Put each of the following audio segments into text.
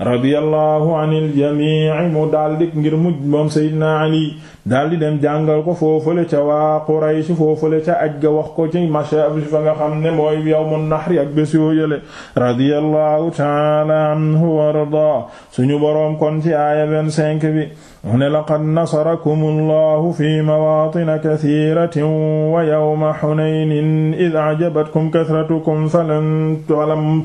radiyallahu anil jamii mu daldi ngir mu moom Seydina Ali daldi dem jàngal ko foofale ca waa Quraysh foofale ca aj ga wax ko ci masha fa nga xam ne mooy yawmun nahri ak bés yoo yële radiyallahu ta'ala anhu wa ardaa suñu boroom kon ci aaya 25 bi mu ne laqad nasarakum allahu fi mawaatina kasiiratin wa yawma hunaynin idh a'jabatkum kasratukum falam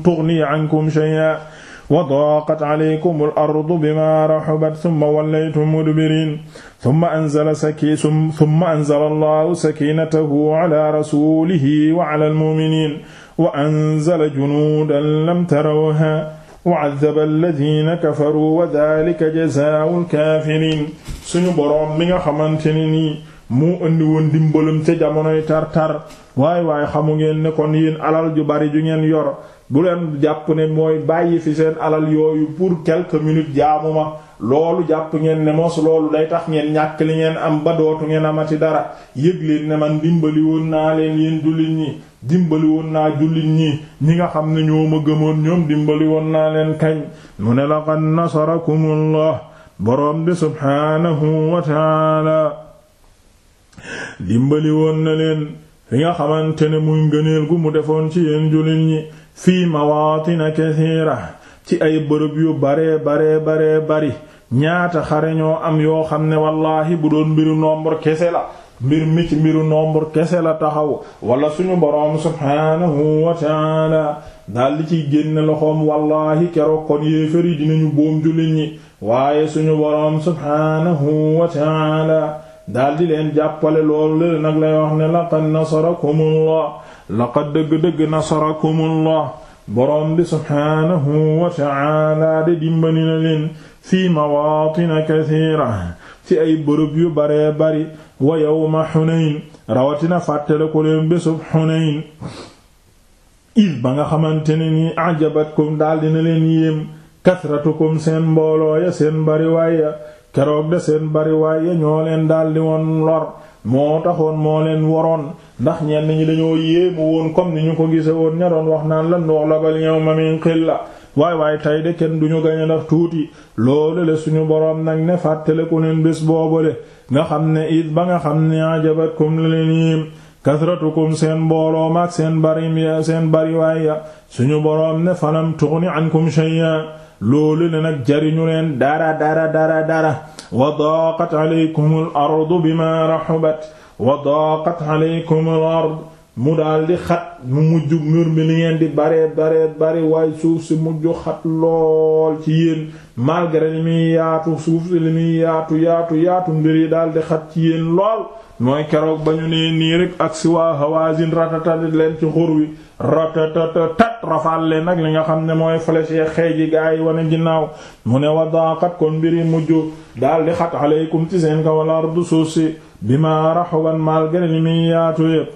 tughni ankum shay'an wa daqat alaykum al-ardu bima rahabat thumma wallaytum mudbirin thumma anzala saki thumma anzala Allahu sakinatahu ala rasulihi wa ala al-mu'minin wa anzala junudan lam tarawha wa azzaba alladina kafaru wa dalika jazaa'u al-kafirin suñu boroom mi nga xamante ne nii moo indi woon dimbalam ca jamonoy tar-tar waay waay xamu ngeen nekkoon kon yéen alal ju bari ju ngeen yor bu leen jàpp ne mooy bàyyi fi seen alal yooyu pour quelques minutes jaamu ma loolu jàpp ngeen ne mos loolu day tax ngeen ñàkk li ngeen am ba dootu ngeen ci dara yëg leen ne man dimbali woon naa leen yéen jullit ñi dimbali woon naa jullit ñi ñi nga xam ne ñoo ma gëmoon ñoom dimbali woon naa leen kañ mu ne laqad nasarakumullah boroom bi subhaanahu wa ta'ala dimbali woon na leen fi nga xamante ne muy ngëneel gu mu defoon ci yéen jullit ñi fii mawaatina kasiira ci ay bërëb yu baree baree baree bari ñaata xare ñoo am yoo xam ne wallaahi bu doon mbiru nombre kese la mbir mi ci mbiru nombre kese la taxaw wala suñu boroom subhaanahu wa taala daldi ciy génne loxoom wallaahi keroog kon yéefar yi dinañu boom daldi leen jàppale loolu nag lay wax ne laqad nasarakumullah laqad dëgg-dëgg nasarakumullah boroom bi subhaanahu wa ta'ala de na leen fi mawaatina kasiira ci ay bërëb yu baree bari wa yawma xunayn rawatina fàttale ko leen bésub xunayn id ba nga xamante ni nii ajabatkum daldi na leen yéem kasratukum seen mbooloo ya seen bariwaay ya keroog de seen bari waaye ñoo leen daldi woon lor moo taxoon moo leen waroon ndax ñenn ñi dañoo yéemu woon comme ni ñu ko gise woon ña doon wax naan la ndox la bal yawma min la waay waay tey de kenn duñu gañe ndax tuuti loolu le suñu boroom nag ne fàttale ku neen bés boobule nga xam ne it ba nga xam ne ajabatkum laniim kasratukum seen mbooloo maak seen bari seen bari waay ya suñu boroom ne falam tughni ankum shay'a loolu le nag jariñu leen dara dara dara dara wa daqat aleykum al ardu bima rahubat wa daqat aleykum al ardu mu daal di xat mu mujj mur mi li ngeen di baree baree bari waay suuf si mujj xat lool ci yéen malgré li muy yaatu suuf si li muy yaatu yaatu yaatu mbir yi daal di xat ci yéen lool mooy keroog ba ñu nee nii rek ak si waa Hawazin ratatatit leen ci xur wi ratatatatat rafaal leen nag li nga xam ne mooy flèche xëy ji gaa yi wane ginnaaw mu ne wa daqat kon mbir yi mujj daal di xat aleykum ci seen kaw wala ardu suuf si bi ma raxaban malgré li muy yaatu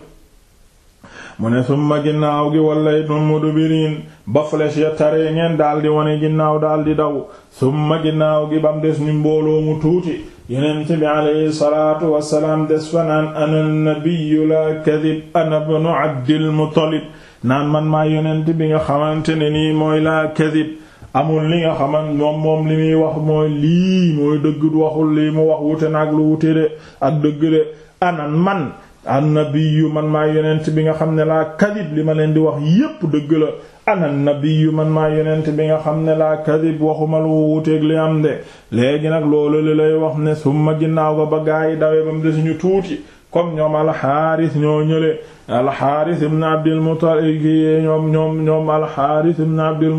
mu ne summa ginnaaw gi wallaytum mudbiriin ba flèche ya taree ngeen daal di wane ginnaaw daal di daw summa ginnaaw gi bam des ni mbooloo mu tuuti yonent bi alayhi salaatu wassalaam des fa naan ana nabiyyu laa kadib ana ibnu abdil muttalib naan man maa yonent bi nga xamante ne nii mooy laa kadib amul li nga xamant moom moom li muy wax mooy lii mooy dëgg waxul lii mu wax wute nag lu wute de ak dëgg de anan man annabiyyu man maa yonent bi nga xam ne laa kadib li ma leen di wax yépp dëgg la ana man maa yonent bi nga xam ne laa kadib waxuma lu wuuteeg li am de léegi nag loolu li lay wax ne summa ginnaaw ba ba gaa yi dawee ba mu desuñu tuuti comme ñoom alxaaris ñoo ñële alxaaris ibn abdil muttalib ñoom ñoom ñoom alxaaris ibn abdil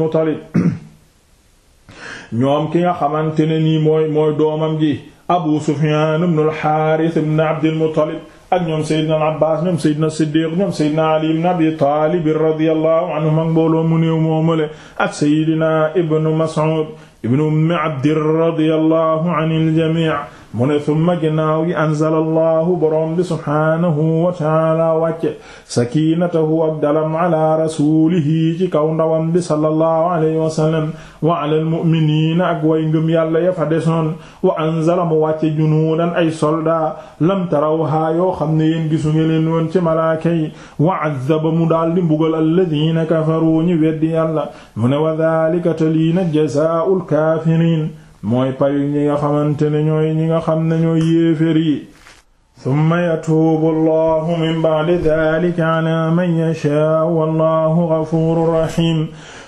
ki nga xamante ne nii mooy mooy doomam ji abu sufyaan ibn alxaaris ibn abdil muttalib ak ñoom Seydina Abbas ñoom Seydina Siddiq ñoom Seydina Ali ibn Abi Talib radiyallahu anhum ak mbooloo mu néew moomale ak Seydina Ibn Mas'ud ibn Umm Abd radiyallahu anil jami' mu ne summa ginnaaw gi anzala allahu boroom bi subhaanahu wa taala wàcce sakiinatahu ak dalam ala rasuulihi ci kaw ndawam bi sallallahu alayhi wa sallam wa ala almu'miniina ak way ngëm yàlla ya fa desoon wa anzala mu wàcce junuudan ay soldaa lam tarawhaa yoo xam ne yéen gisu nge leen ci malaaka yi wa azzaba mu daal di mbugal alladiina kafaru ñi weddi yàlla mu ne wa daalika te lii na jazaa'ul mooy payu ñi nga xamante ne ñooy ñi nga xam ne ñooy yéefér yi summa yatuubu allahu min ba'di daalika ala man yashaa'u wallahu gafuurun rahiim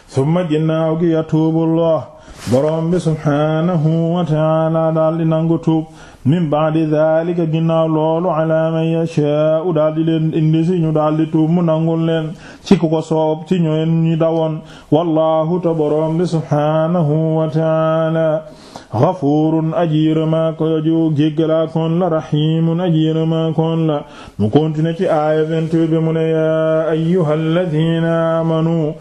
summa ginnaaw gi yatuubu allah boroom subhaanahu wa ta'aala daal di nangu tuub min ba'di daalika ginnaaw loolu ala man yashaa'u daal di leen indi ñu daal di tuub mu nangul leen ci ku ko soob ci ñoen ñi dawoon wallahu ta boroom subhaanahu wa ghafuurun aji yërëmaa ko aju jéggalaa koon la rahiimun aji yërëmaa koon la mu continue ci aaya 28 bi mu ne yaa ayyuhal ladiina aamanu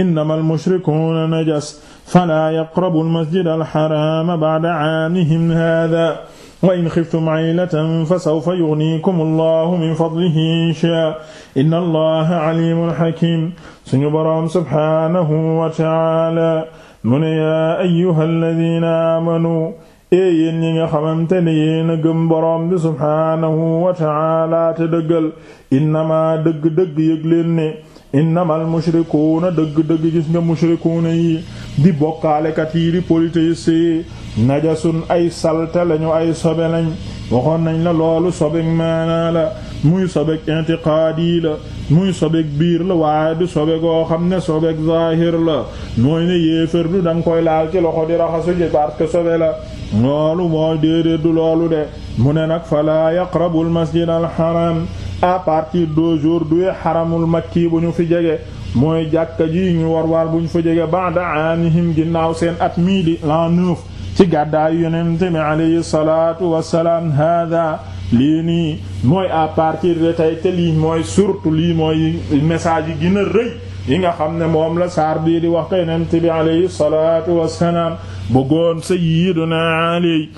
innamal mushrikuuna najas falaa yaqrabul masjidal haraama ba'da 'aamihim haadaa wa in xiftum aylatan fa sawfa yugnikum allahu min fadlihi in shaa inna allaha alimun hakim suñu boroom subhanahu wa ta'ala mu ne yaa ayyuha alladina aamanu ee yéen yi nga xamante ne yéen a gëm boroom bi subhaanahu wa taala te dëggal innama dëgg-dëgg yëg leen ne innamal mushrikuuna dëgg-dëgg gis nga mushrikuuna yi di bokkaalekat yi di polythéistes yi najasun ay salte lañu ay sobe lañ waxoon nañ la loolu sobeg maanaa la muy sobeg intiqaad la muy sobeek biir la waaye du sobe goo xam ne sobeek zahir la mooy ne yéefér du da nga koy laal ci loxo di raxasu ji parce que sobe la loolu mooy déedéet du loolu de mu ne nag fala yaqrabul masjid al haram à partir d'aujourd'hui xaramul makki bu ñu fi jege mooy jàkka ji ñu war war bu ñu fa jege ba'da aanihim ginnaaw seen at mii di l'an neuf ci gàddaayu yonente mi alayhi salaatu wassalaam hada liini mooy à partir de tey te lii mooy surtout lii mooy message yi gën a yi nga xam ne moom la saar bii di wax ko yonent bi alayhi salaatu wassalaam bëggoon sayyiduna Ali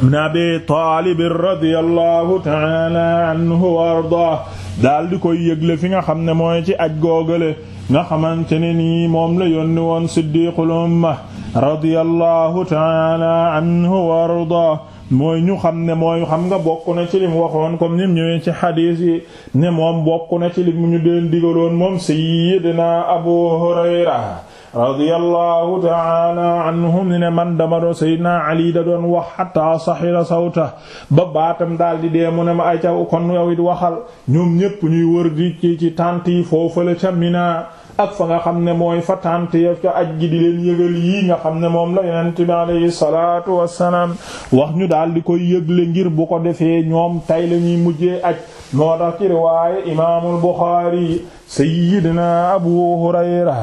ibn Abi Taalib radiyallahu ta'ala anhu wa ardaah daal di koy yëgle fi nga xam ne mooy ci aj googale nga xamante ne nii moom la yónni woon siddiqul umma radiyallahu ta'ala anhu wa ardaah mooy ñu xam ne mooy xam nga bokk na ci lim waxoon comme nim ñëwee ci xadiis yi ne moom bokk na ci lim ñu deen digaloon moom sayyidina Abu Hurayra radiyallahu taala anhum ne man dama doon Seydina Ali da doon wax xataa saxira sawta ba baatam daal di dee mu ne ma ay ca kon yow waxal ñoom ñépp ñuy wër di ci ci tànt yi foofale ca Mina ak fa nga xam ne mooy fa tànt ya ca aj di leen yëgal yii nga xam ne moom la yonent bi alayhi salaatu wassalaam wax ñu daal di koy yëgle ngir bu ko defee ñoom tay la ñuy mujjee aj moo tax ci riwaaye imaamul Buxaari sayyidina Abu Hurayra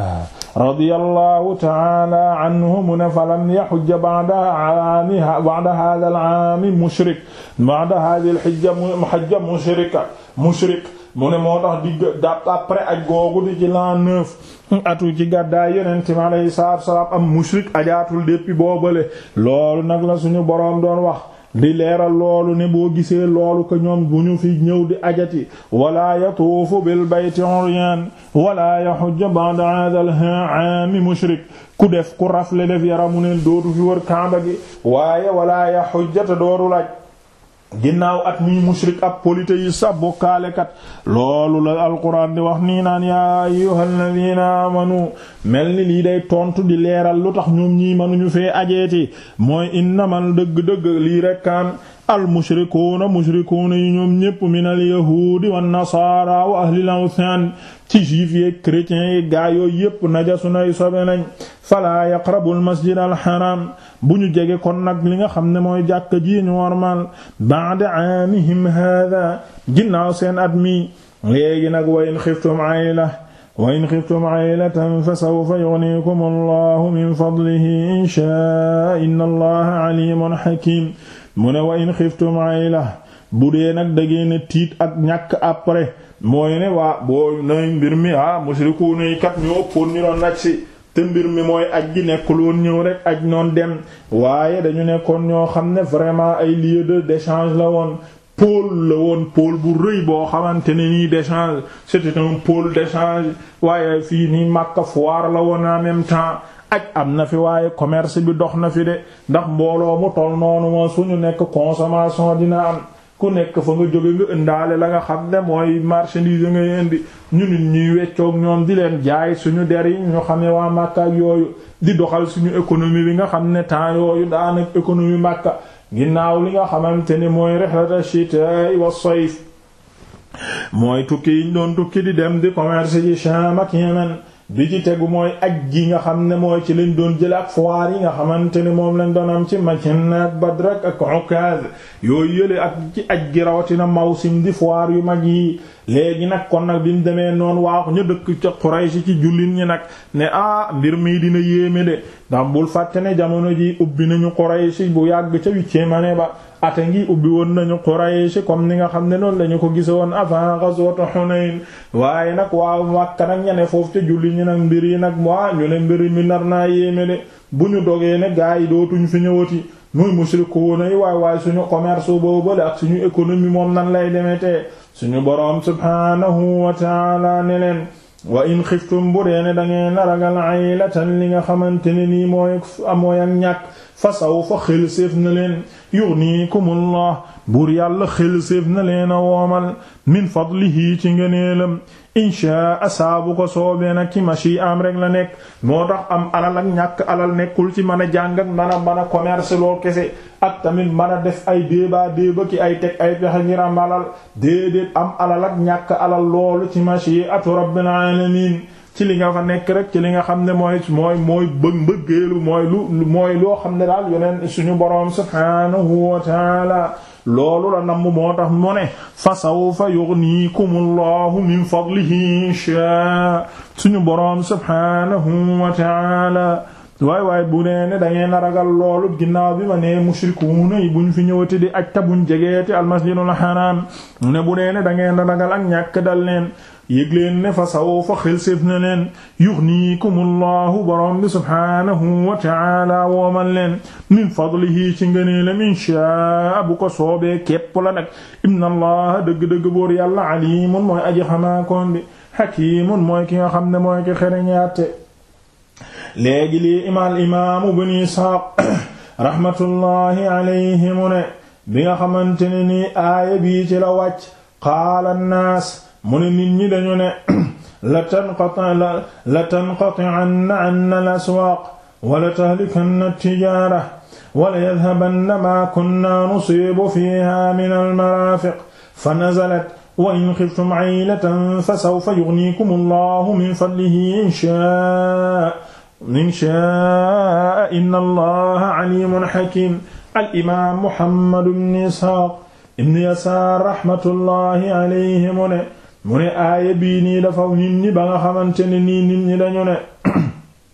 radiyallahu ta'ala anhu mu ne fa lam yahujja ba'da aami ba'da haadha al-aami mushrik ba'da haadhihi al-hajja mushrik mushrik mu moo tax di ak googu di ci l'an gàddaay yonent mi alayhi salaatu wa salaam am mushrik ajaatul déppi boobale loolu nag la suñu borom doon wax di leeral loolu ne boo gisee loolu ko ñoom bu fi ñëw di ajati wala yatuufu bil bayti uryan wala yahujju ba'da hadhal aami mushrik ku def ku rafle def yaramu ne dootu fi wër kaaba gi waaye wala yahujju dootu laaj ginnaaw at mii mushrik ab polythéiste ab bokkaalekat loolu la alquran di wax nii naan yaa ayyuhalladhina amanu mel ni lii day tontu di leeral lu tax ñoom ñii mënuñu fee ajeeti mooy innamal dëgg-dëgg lii rekkaan al mushrikuuna mushrikuuna yi ñoom ñépp minal yahuudi wan nasaara wa ahlil awthan ci juif yeeg chrétiens yi gaa yooyu yépp najasunay sobe nañ falaa yaqrabu al masjid bu ñu jege kon nag li nga xam ne mooy jàkka ji ñu wormal ba'da aamihim haada ginnaaw seen at mi léegi nag wa in xiftum ayla wa in xiftum aylatan fa sawfa yughnikum allahu min fadlihi in shaa inna allaha alimun hakim mu ne wa in xiftum ayla bu dee nag da tiit ak ñàkk après mooy ne waa boo nay mbir mi ah musrikuun kat ñoo ëppoon ñu doon naj si te mbir mi mooy aj di nekkul woon ñëw rek aj noon dem waaye dañu nekkoon ñoo xam ne vraiment ay lieu de d'échange la woon pôle la woon pôle bu rëy boo xamante ne nii d'échange c'était un pôle d'échange waaye fii nii Makka foire la woon en même temps aj am na fi waaye commerce bi dox na fi de ndax mbooloo mu toll noonu ma suñu nekk consommation dina am ku nekk fa nga jóge nga indaale la nga xam ne mooy marchandise ngay indi ñu nit ñuy weccoog ñoom di leen jaay suñu der yi ñu xamee waa Makka yooyu di doxal suñu économie bi nga xam ne temps yooyu daanaka économie Makka ginnaaw li nga xamante ni mooy rihlata shitaa'i wa soy mooy tukki yiñ doon tukki di dem di commerce ci Sham ak Yemen bi ci tegu mooy aj gi nga xam ne mooy ci lañ doon jël ak yi nga xamante ne moom lañ doon am ci Makina ak Badr ak Ukaz yooyu yële ak ci aj gi rawatina mawsim di foire yu mag yi léegi nag kon nag bi mu demee noonu waaw ñu dëkk ca Quraysh ci jullit ñi nag ne ah mbir mii dina yéeme de ndax bul fàtte ne jamono ji ubbi nañu Quraysh bu yàgg ca huitième année ba ate ngi ubbi woon nañu Quraysh comme ni nga xam ne noonu la ñu ko gise woon avant ghazwat Hunayn waaye nag waa Makka nag ñane foofu ca jullit ñi nag mbir yi nag waa ñu ne mbir mi nar naa yéeme de bu ñu dogee ne gaa yi dootuñ fi ñëwati muy mushrikuuna yi waay waaye suñu commerce boobale moom nan lay demetee suñu boroom subhaanahu wa taala ne leen wa in xiftum bu dee ne dangeen ragal aylatan li nga xamante ne nii mooy amooy ak ñàkk fasaw fa xelséef na leen yugnikumullah buur yàlla xelséef na leen a woomal min fadlihi ci ngëneelam insha asaabu ko soobee nag ci machi am rek la nekk moo tax am alal ak ñàkk alal nekkul ci mën a jàng ak mën a mën a kese ak tamit mën a def ay déeba déeba ki ay teg ay pexe ngir am alal déedéet am alal ak ñàkk alal loolu ci machi atu rabbil alamin ci li nga fa nekk rek ci li nga xam ne mooy mooy mooy bëgg mbëggeelu mooy lu mooy loo xam ne daal yeneen suñu boroom subhanahu wa loolu la namm moo tax mu ne fa sawfa yughnikumullahu min fadlihi insha suñu boroom subhanahu wa ta'ala waay waay bu nee ne da ngeen a ragal loolu ginnaaw bi ma mu mushrikuuna yi buñ fi ñëwati di aj ta buñ jegeeti almasjidul haram ne bu nee ne da ngeen a ragal ak ñàkk dal leen yëg leen ne fa saw fa xel séef na leen yuxniikumullahu borom bi subhaanahu wa taala wooman leen min fadlihi ci ngëneelam inshaa bu ko soobee képp la nag inna allaha dëgg-dëgg boor yàlla alimun mooy aji xamaakoon bi xakimun mooy ki nga xam ne mooy ki xereñaate léegi lii imaal imaamu bini isxaaq rahmatullahi alayhi mu ne bi nga xamante ne nii aaya bii ci la wàcc qaala nnaas mu ne nit ñi dañu ne la tanqati la la tanqati'anna 'anna al-aswaaq wa la tahlikanna at-tijaara wa la yadhabanna maa kunna nusiibu fiihaa min al-maraafiq fa nazalat wa in xiftum 'aylatan fa sawfa yughniikum Allahu min fadlihi in shaa'a in shaa inna allaha alimun hakim alimaam muhammadu bnu isxaaq ibnu yasaar rahmatullahi alayhi mu ne mu ne aaya bii nii dafa nit ñi ba nga xamante ne nii nit ñi dañu ne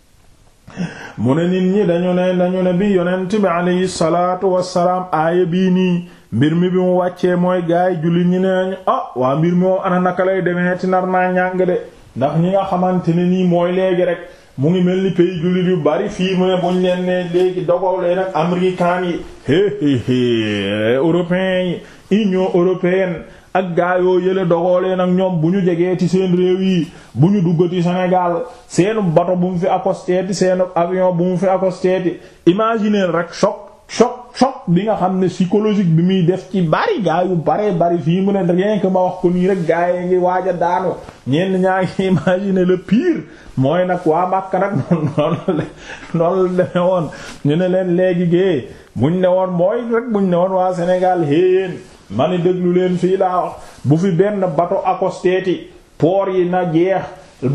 mu ne nit ñi dañu ne dañu ne bi yonent bi alayhi salaatu wassalaam aaya bii nii mbir mi bi mu wàccee mooy gaay jullit ñi neeñu ah waa mbir mi ana naka lay demeeti nar naa ñàng de ndax ñi nga xamante ne nii mooy léegi rek mu ngi mel ni pays jullit yu bari fii mu ne buñ leen ne léegi dogaw leen ak américain yi hé hé hé européen yi union européenne ak gaayoo yële dogoolee nag ñoom bu ñu jegee ci seen réew yi bu ñu duggati Sénégal seenu bato bu mu fi accosteeti seenu avion bu mu fi accosteeti imaginer rek choc choc choc bi nga xam ne psychologique bi muy def ci bari gaay yu baree bari fii mu ne rien que ma wax ko nii rek gaay ngi waaj a daanu ñenn ñaa ngi imaginer la pire mooy nag waa Makka nag noonu noonu la demee ñu ne leen léegi gée buñ ne woon mooy rek buñ ne woon waa Sénégal héeyéen ma ne déglu leen fii laa bu fi benn bato accosteeti port yi na jeex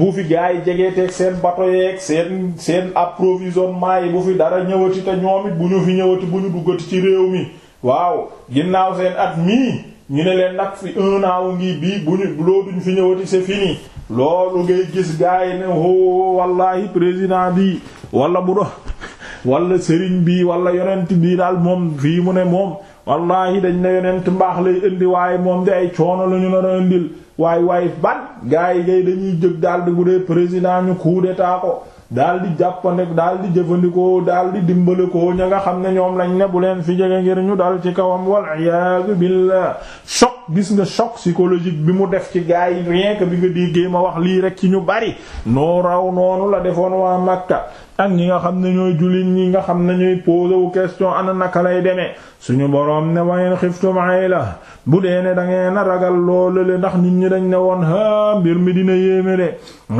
bu fi gars yi jegeeteeg seen bato yeeg seen seen approvisionnement yi bu fi dara ñëwati te ñoom it bu ñu fi ñëwati bu ñu duggati ci réew mi waaw ginnaaw seen at mii ñu ne leen nag fi un ngi bii bu ñu looduñ fi ñëwati c'est fini loolu ngay gis gars yi ne hoo oh, wallahi président bi walla bu do wala sëriñ bi wala yonent bii daal moom fii mu ne moom wallaahi dañ ne yonent mbaax lay indi waaye moom de ay coono la ñu nar a indil waaye waaye gaa gars yi gay dañuy jóg daal di bu dee président ñu kuude d'état ko daal di jàppandek daal di jëfandikoo daal di dimbali ko ña nga xam ne ñoom lañ nebu leen fi jege ngir ñu dal ci kawam wal iyaazu billah gis nga choc psychologique bi mu def ci gars yi rien que bi nga déggee ma wax lii rek ci ñu bari noo raw noonu la defoon waa Makka ak ñi nga xam ne ñooy jullit ñi nga xam ne ñooy posé wu question ana naka lay demee suñu boroom ne wayen xiftum la bu dee ne da ngeen a ragal loolu le ndax nit ñi dañ ne woon a mbir mi dina yéeme de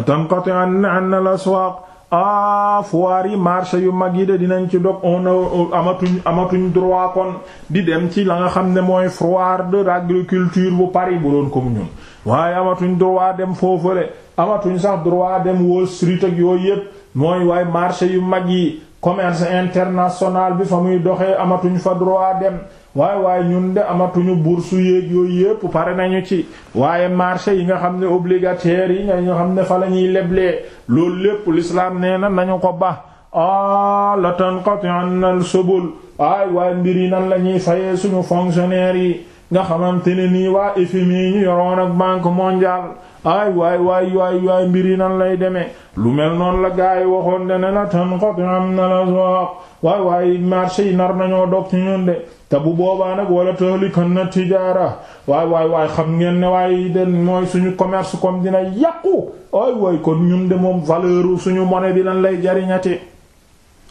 tanqati'anna la aswaq ah foire yi marché yu mag yi de dinañ ci dog on amatuñ amatuñ droit kon di dem ci la nga xam ne mooy foire de bu Paris bu doon comme ñun waaye amatuñ droit dem foofale amatuñ sax droit dem Wall Street yooyu yépp mooy waaye marché yu mag yi commerce international bi fa muy doxee amatuñ fa droit dem waaye waaye ñun de amatuñu bourse yéeg yooyu yépp pare nañu ci waaye marché yi nga xam ne obligataire yi nga xam ne fa la ñuy leblee loolu lépp l'islam nee na nañu ko ba ah la tanqati'anna al subul aay waaye mbir yi nan la ñuy fayee suñu fonctionnaires yi nga xamante ne nii waa FMI ñu yoroon ak banque mondiale ay waay waay waay mbir yi nan lay demee lu mel noonu la gaa yi waxoon ne ne la tan xoti am na la soox waay waay marché yi nar nañoo dog ci ñun de te bu boobaa nag wala tahlikan na tijaara waay waay waay xam ngeen ne waay den mooy suñu commerce comme dina yàqu ay waay kon ñun de moom valeur suñu monnaie bi lan lay jariñati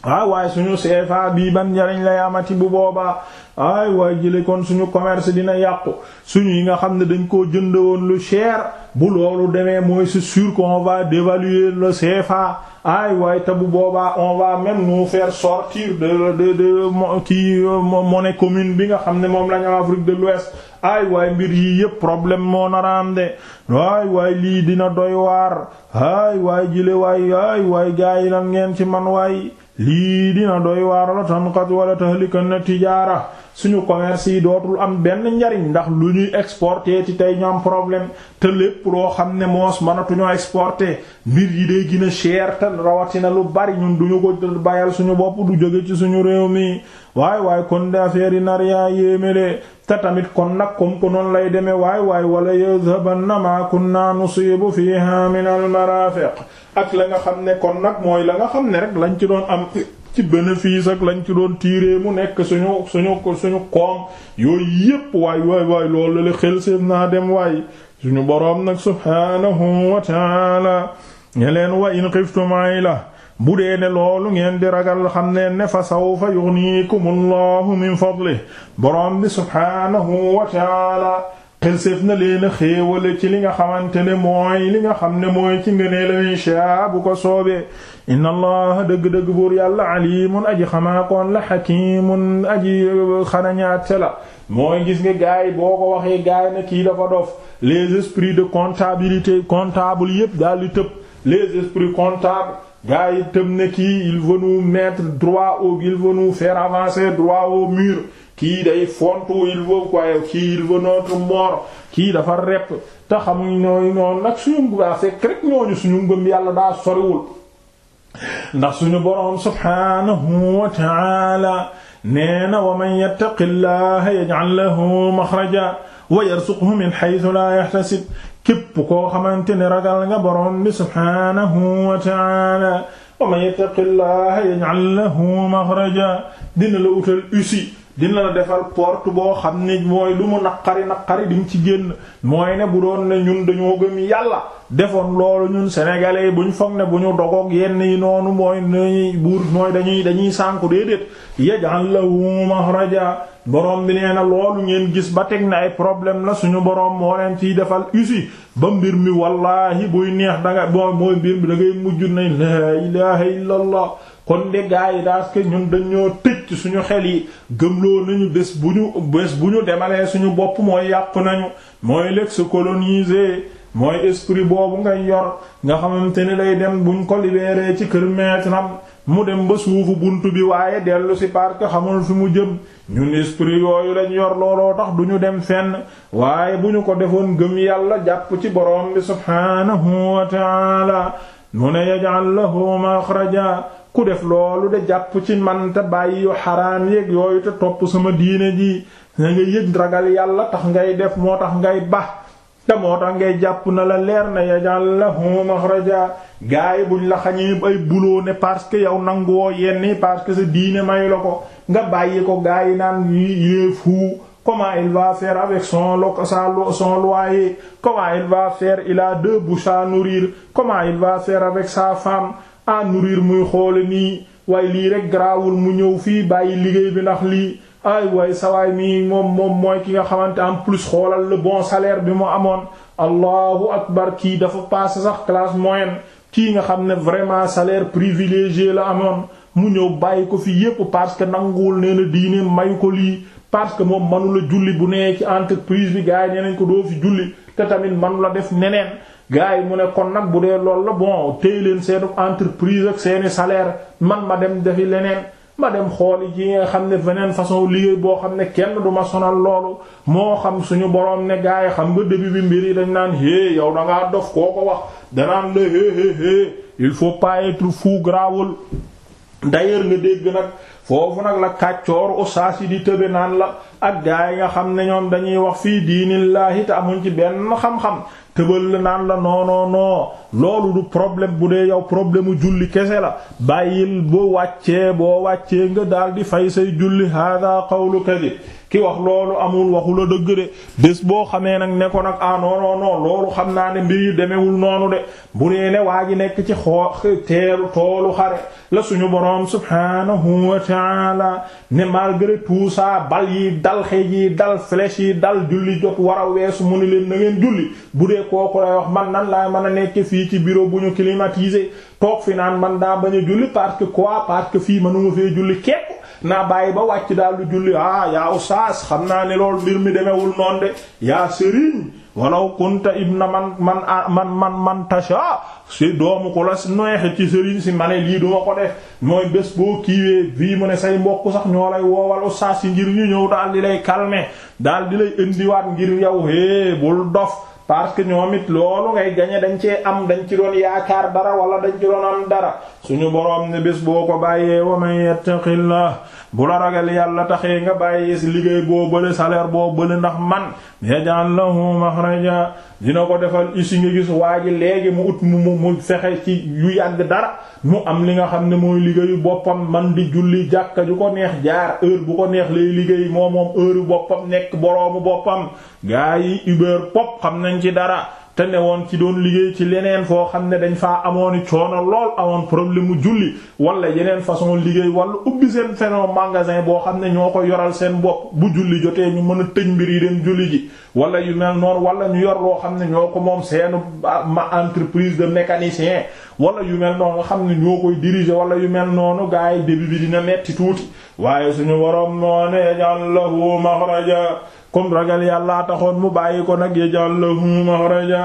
waaw waaye suñu CFA bii ban njariñ lay amati bu boobaa ay waay jële kon suñu commerce dina yàqu suñu yi nga xam ne dañ koo jënd woon lu cher bu loolu demee mooy c'est sûr qu'on dévaluer le CFA ay waay te bu boobaa on va même nous sortir de de de kii monnaie commune bi nga xam ne moom lañu Afrique de l'Ouest ay waay mbir yii yëpp problème moo naraam de ay waay lii dina doy waar ay waay jële waay ay waay gaa yi lan ngeen ci man waay lii dina doy waar la tanqat wala tahlikan tijaara suñu commerce yi dootul am benn njariñ ndax lu ñuy exporter ci tey ñoom problème te lépp loo xam ne moos mënatuñoo exporter mbir yi day gën a cher te rawatina lu bari ñun duñu ko bayal suñu bopp du jóge ci suñu réew mi waay waay kon de affaire yi nar yaa te tamit kon nag comme ko noonu lay demee waay waay wala yadhabanna ma kunna nusibu fiha min al marafiq ak la nga xam ne kon nag mooy la nga xam ne rek lañ ci doon am ci bénéfice ak lañ ci doon tiire mu nekk suñu suñu suñu koom yooyu yépp waay waay waay loolu la xel seen naa dem waay suñu boroom nag subhaanahu wa taala ñe leen wa in xiftum ayla bu dee ne loolu ngeen di ragal xam neen ne fa sawfa yughnikumullahu min fadlihi borom bi subhaanahu wa ta'ala xelséef na leen a xéewale ci li nga xamante ne mooy li nga xam ne mooy ci ngëneelu inshaa bu ko soobee inna allaha dëgg-dëgg buur yàlla alimun aji xamaakoon la xakimun aji xanañaate la mooy gis nga gaay boo ko waxee gaay na kii dafa dof les esprits de comptabilité comptable yépp daal di tëb les esprits comptables gars yi tëm ne kii il veut nous mettre droit au il veut nous faire avancer droit au mur kii day fontu il veut quoi kii il veut notre mort kii dafa rep te xamuñ ñooy noonu nag suñu baax fekk rek ñooñu suñu ngëm yàlla daa soriwul ndax suñu boroom subhanahu wa ta'ala nee na wa man yattaqillaha yaj'al lahu makhraja wa yarzuqhu min haythu la yahtasib képp koo xamante ne ragal nga borom bi subhaanahu wa ta'ala wa man yattaqillaha yaj'al lahu makhraja dina la utal usi dina la defal porte boo xam ne mooy lu mu naqari naqari dim ci génn mooy ne bu doon ne ñun dañoo gëm yàlla defoon loolu ñun sénégalais buñ foog ne bu ñu dogoog yenn yi noonu mooy dañuy buur mooy dañuy dañuy sànku déedéet yaj'al lahu makhraja borom bi nee na loolu ngeen gis ba teg na ay problème la suñu borom moo leen ciy defal usi ba mbir mi wallaahi buy neex danga bo mooy mbir mi da mujj nañ laa ilaha illa kon de gars yi daas ke ñun dañoo tëj ci suñu xel yi gëmloo nañu bés bu ñu bés bu ñu demalee suñu bopp mooy yàqu nañu mooy lex colonisé mooy esprit boobu ngay yor nga xamante ni lay dem buñ ko libéré ci kër maître am mu dem ba suufu buntu bi waaye dellu si parce que xamul fi mu jëm ñun esprit yooyu lañ yor looloo tax du ñu dem fenn waaye bu ñu ko defoon gëm yàlla jàpp ci borom bi subhaanahu wa taala mu ne yaj'al lahu ku def loolu de jàpp ci man bàyyi yu xaraam yeeg yooyu te topp sama diine ji na nga yëg ragal yàlla tax ngay def moo tax ngay bax te moo tax ngay jàpp na la leer na yajal lahu makhraja gaay buñ la xañee ay buloo ne parce que yow nanguwoo yenni parce que sa diine mayu la ko nga bàyyi ko gaay naan il est fou comment il va faire avec sa son loyer comment il va faire il a deux bouches à nourrir comment il va faire avec sa femme à nourrir muy xoole nii waaye lii rek garaawul mu ñëw fii bàyyi liggéey bi ndax lii ay waay sawaay mii moom moom mooy ki nga xamante en plus xoolal le bon salaire bi mu amoon allahu akbar kii dafa passé sax classe moyenne kii nga xam ne vraiment salaire privilégié la amoon mu ñëw bàyyi ko fii yépp parce que nanguwul nee na diine mayu ko lii parce que moom manula julli bu nee ci entreprise bi gars yi nañ ko doo fi julli te tamit manu la def neneen gars mu ne kon nag bu dee lool la bon téy leen seen entreprise ak seeni salaire man ma ma dem xooli ji nga xam ne beneen façon liggéey boo xam ne kenn du ma sonal loolu moo xam suñu boroom ne gaay xam nga début bi mbir yi dañ naan hé yow da ngaa dof koo ko wax danaan la hé hé hé il faut pas être fou grawul d'ailleurs nga dégg nag foofu nag la kàccoor ustaas yi di tëbe naan la ak gaay nga xam ne ñoom dañuy wax fii diinillaahi te amuñ ci benn xam-xam tëbal la naan la non non non loolu du problème bu dee yow problème mu julli kese la bàyyil boo wàccee boo wàccee nga daal di fay say julli hada qawlu kadib ki wax loolu amul waxu la dëgg de bés boo xamee nag ne nag ah non loolu xam naa ne mbir yi demewul noonu de bu dee ne waa ji nekk ci xoo teeru toolu xare la suñu boroom subhanahu wa taala ne malgré tout ça bal yi dal xeej yi dal flèche yi dal julli jot war a weesu mu ni leen na ngeen julli bu dee kooku lay wax man nan laay mën a nekk fii ci bureau bu ñu climatisé toog fi naan man daa bañ a julli parce que quoi parce que fii mënuma fee julli képp naa bàyyi ba wàcc daal lu julli ah yaa ustaas xam naa ne lool mbir mi demewul noon de yaa sëriñ walaw kunta ibna man man ah, man man man tasha si doomu ko la neexe ci sëriñ si ma ne lii duma ko def mooy bés boo kiiwee fii mu ne say mbokk sax ñoo lay woowal ustaas si ngir ñu ñëw daal di lay calmer daal di lay indiwaat ngir yow hee bul dof parce que ñoom it loolu ngay gañe dañ cee am dañ ci doon yaakaar dara wala dañ ci doon am dara suñu boroom ne bés boo ko bàyyee wa man yattaqillah bu la ragal yàlla taxee nga bàyyi liggéey boo bële salaire boo bële ndax man yaj'al lahu makhraja dina ko defal ussi nga gis waa ji léegi mu ut mu mu sexe ci yu yàgg dara mu am li nga xam ne mooy liggéeyu boppam man bi julli jàkka ju ko neex jaar heure bu ko neex lay liggéey moom moom heure boppam nekk boroomu boppam gaa yi Uber pop xam nañ ci dara te ne woon ci doon liggéey ci leneen foo xam ne dañ faa amoon coono lool amoon problème mu julli wala yeneen façon liggéey wala ubbi seen fenoo magasin boo xam ne ñoo ko yoral seen bopp bu julli jotee ñu mën a tëj mbir yi dem julli ji wala yu mel noonu wala ñu yor loo xam ne ñoo ko moom seen ma entreprise de mécanicien wala yu mel noonu xam ne ñoo koy diriger wala yu mel noonu gars yi début bi dina metti tuuti waaye suñu waroom moo ne jan lahu mahraja comme ragal yàllaa taxoon mu bàyyi ko nag yajal lahu maxraja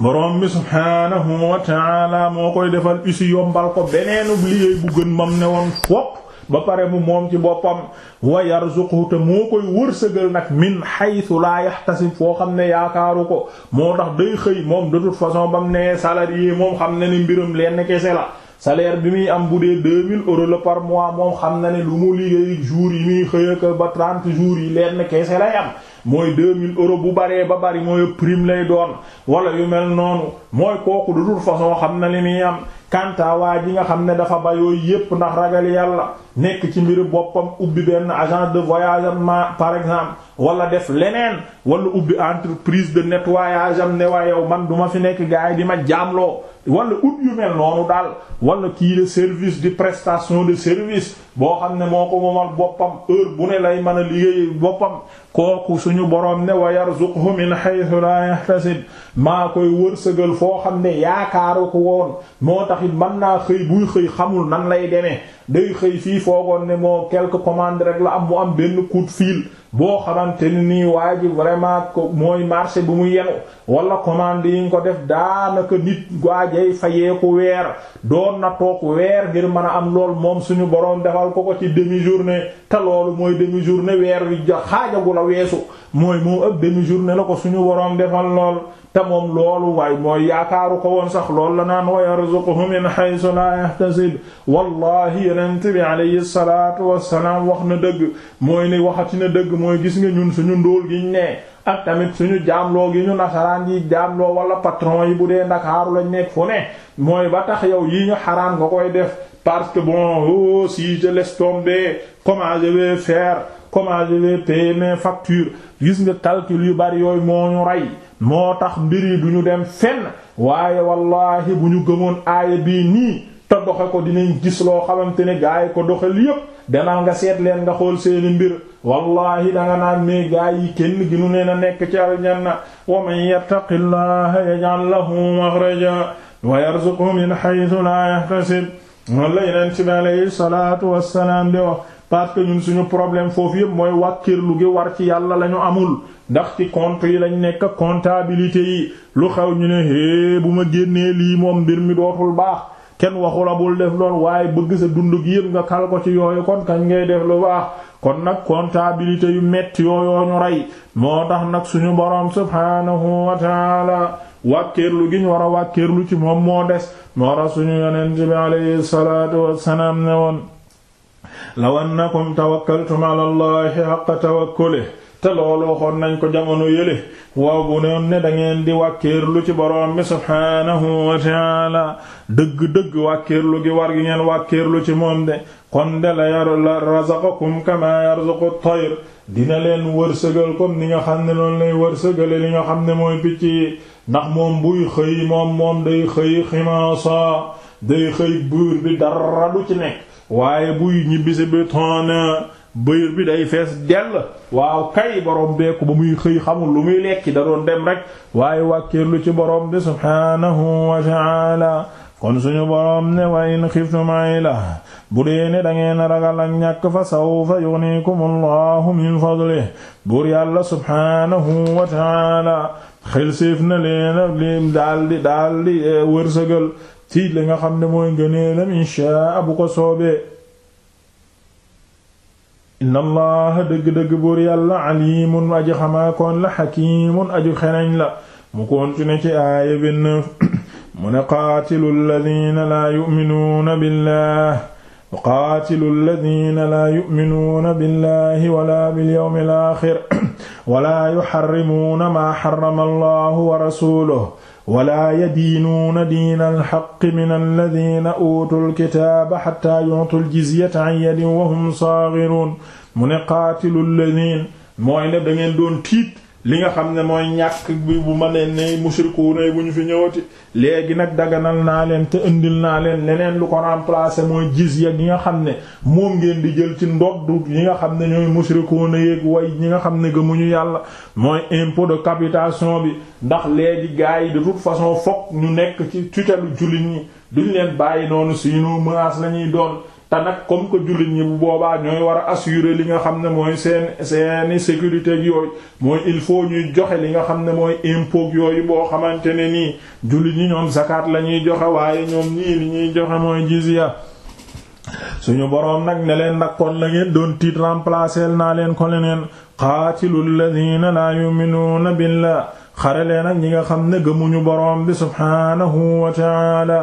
borom bi subhaanahu wa taala moo koy defal usi yombal ko beneenub liggéey bu gën mam ne woon fopp ba pare mu moom ci boppam wa yarzuqhu te moo koy wërsëgal nag min haythu laa yahtasib foo xam ne yaakaaru ko moo tax day xëy moom de façon ba mu nee moom xam ne ni mbirum lenn kese la salaire bi muy am bu dee deux mille euros la par mois moom xam na ne lu mu liggéey jours yi muy xëy ba trente jours yi lenn kese lay am mooy deux mille euros bu baree ba bari mooy prime lay doon wala yu mel noonu mooy kooku de toute façon xam na li muy am kanta waa ji nga xam ne dafa ba yooyu yépp ndax ragal yàlla nekk ci mbiru boppam ubbi benn agent de voyage am par exemple wala def leneen wala ubbi entreprise de nettoyage am ne waa man duma ma fi nekk gars yi ma jaamloo wala ut yu mel noonu daal wala kii de service di prestation de service boo xam ne moo ko moomal boppam heure bu ne lay mën a liggéey boppam kooku suñu boroom ne wa yarzuqhu min haythu la yahtasib maa koy wërsëgal foo xam ne yaakaaru ko woon moo tax it mën naa xëy buy xëy xamul nan lay demee day xëy fii foogoon ne moo quelque commande rek la am mu am benn coup de boo xamante ni nii waa ji vraiment mooy marché bu mu yenu wala commande yi nga ko def daanaka nit waajay fayeeku weer doon na toog weer ngir mën a am lool moom suñu boroom defal ko ko ci demi journée te loolu mooy demi journée weer wi ja xaajagul la weesu mooy moo ëpp benn journée la ko suñu woroom defal lool te moom loolu waaye mooy yaakaaru ko woon sax loolu la naan wa yarzuquhu min haythu la yahtasib wallahi yonent bi alayhi salaatu wassalaam wax na dëgg mooy ne waxati na dëgg mooy gis nga ñun suñu ndóol giñ ne ak tamit suñu jaamloo gi ñu nasaraan yi jaamloo wala patron yi bu dee ndakaaru lañ nekk fu ne mooy ba tax yow yi ñu xaraan nga koy def parce que bon oh si je laisse comment je vais payer gis nga calcul yu bari yooyu moo ñu rey moo tax mbir yi du ñu dem fenn waaye wallahi bu ñu gëmoon aaya bii nii te doxe ko dinañ gis loo xamante ne gaay ko doxal yépp danaa nga seet leen nga xool seeni mbir wallahi danga naan mais gaa yi kenn ginu nee nekk ci aljanna wa man yattaqillaha yaj'al lahu makhraja wa yarzuqhu min haythu la yahtasib walla yeneen ci bi alayhi salaatu wassalaam di wax parce que ñun suñu problème foofu yëpp mooy wàkkirlu gi war ci yàlla lañu amul ndax ci compte yi lañ nekk comptabilité yi lu xew ñu ne hé bu ma génnee lii moom mbir mi dootul baax kenn waxula bul def lool waaye bëgg sa dund gi yëpp nga kal ko ci yooyu kon kañ ngay def lu baax kon nag comptabilité yu metti yooyoo ñu rey moo tax nag suñu boroom subhaanahu wa taala wàkkeerlu gi ñu war a wàkkeerlu ci moom moo des moo tax suñu yonent bi alayhi salaatu woon law annakum tawakkaltum ala allahi haqqa tawakkule te loolu waxoon nañ ko jamono yële waaw bu noon ne da ngeen di wàkkeerlu ci boroom bi subhaanahu wa ta'ala dëgg-dëgg wàkkeerlu gi war gi ngeen wàkkeerlu ci moom de kon de la yar la razaqakum kama yarzuqu at-tayr dina leen wërsëgal comme ni nga xam ne noonu lay wërsëgale li nga xam ne mooy picc yi ndax moom buy xëy moom moom day xëy ximaasa day xëy buur bi dara du ci nekk waaye buy ñibbisi bi ton bëyër bi day fees dell waaw kay borom beeku ba muy xëy xamul lu muy lekki da doon dem rek waaye lu ci borom bi subhaanahu wa ta'ala kon suñu borom ne wa in xiftum ayla bu dee ne da ngeen ragal ak ñàkk fa sawfa yughnikum allahu min fadlihi buur yàlla subhaanahu wa ta'ala xel séef na leen a lim daal di daal di eh, wërsëgal ci li nga xam ne mooy ngëneelam inshaa bu ko soobee inna allaha dëgg-dëgg buur yàlla alimun aji xamaakoon la xakimun aju xereñ la mu kontine ci aaya benn mu ne qaatilu alladina laa yuminuuna billah qaatilu alladina laa yuminuuna billahi wala bilyawmi alaxir wala yuxarrimuuna maa xarama allahu wa rasuluhu wala yadiinuuna diina alxaqi min alladina uutu lkitaaba xata yuutu ljizyata an yadin wa hum saaxiruun mu ne qaatilu lladin mooy ne da ngeen doon tiit li nga xam ne mooy ñàkk bi bu ma ne ne mushrikuuna bu ñu fi ñëwati léegi nag daganal naa leen te indil naa leen leneen lu ko remplacer mooy jizya gi nga xam ne moom ngeen di jël ci ndoddu yi nga xam ne ñooy mushrikuuna yeeg way ñi nga xam ne gëmuñu yàlla mooy impôt de capitation bi ndax léegi gars yi de toute façon fokk ñu nekk ci tutelle jullit ñi duñ leen bàyyi noonu sinon menace la ñuy doon te nag comme que jullit ñi bu boobaa ñooy war a assurer li nga xam ne mooy seen seeni sécurité yooyu mooy il faut ñuy joxe li nga xam ne mooy impôt yooyu boo xamante ne nii jullit ñi ñoom zakat la ñuy joxe waaye ñoom ñii li ñuy joxe mooy jizya suñu boroom nag ne leen nag kon la ngeen doon tiit remplacer naa leen ko leneen qaatilul ladina la yu'minuna billah xare leen ak ñi nga xam ne gëmuñu boroom bi subhaanahu wa taala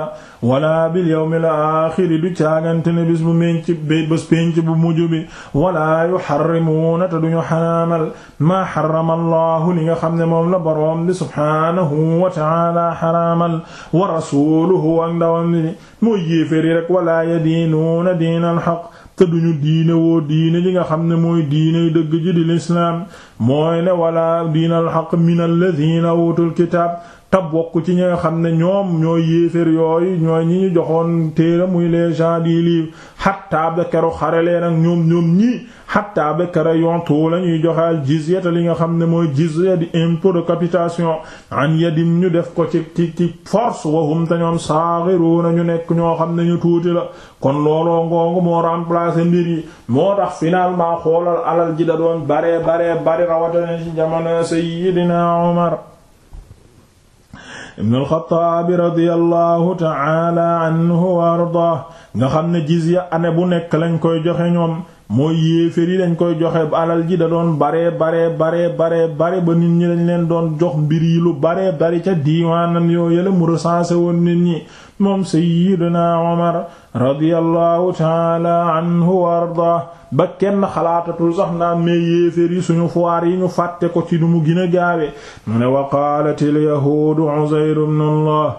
wala bil yawmil aaxiri du caagante ne bés bu menc bés penc bu mujj bi wala yuharrimuuna te duñu xaraamal maa xarama allahu li nga xam ne moom la boroom bi subhaanahu wa taala xaraamal wa rasuluhu ak ndawam bi mooy yéeféri rek wala yadiinuuna diinal xaq te duñu diine woo diine ji nga xam ne mooy diine dëgg ji di lislaam mooy ne wala diina alxaq min alladina utul kitaab te bokk ci ñi xam ne ñoom ñooy yéefér yooyu ñooy ñi ñu joxoon téera muy les gens du livre xattaa ba keroog xare leen ak ñoom ñoom ñii xattaa ba keroog yontu la ñuy joxal jizya te nga xam ne mooy jizya di impôt de capitation an yadim ñu def ko ci ci ci force wahum te ñoom saghiruna ñu nekk ñoo xam ne ñu tuuti la kon looloo ngoongu moo remplacer mbir yi moo tax finalement xoolal alal ji da doon baree baree bari rawatina ci jamono Seydina Omar ibn al-Xattaab radiyallahu ta'ala anhu wa ardaah nga xam ne ya année bu nekk lañ koy joxe ñoom mooy yéeféer yi dañ koy joxe alal ji da doon bare baree baree baree bare ba nit ñi dañ leen doon jox mbir yi lu baree bari ca diiwaanam yoo yële mu recensé woon nit ñi moom sayyidina Umar radiyallahu taala anhu wa arda ba kenn xalaatatul sax naa mais yéeféer yi suñu foir yi ñu fàtte ko ci nu mu gën a gaawee mu ne wa qaalat alyahuudu Uzayr ibnu Allah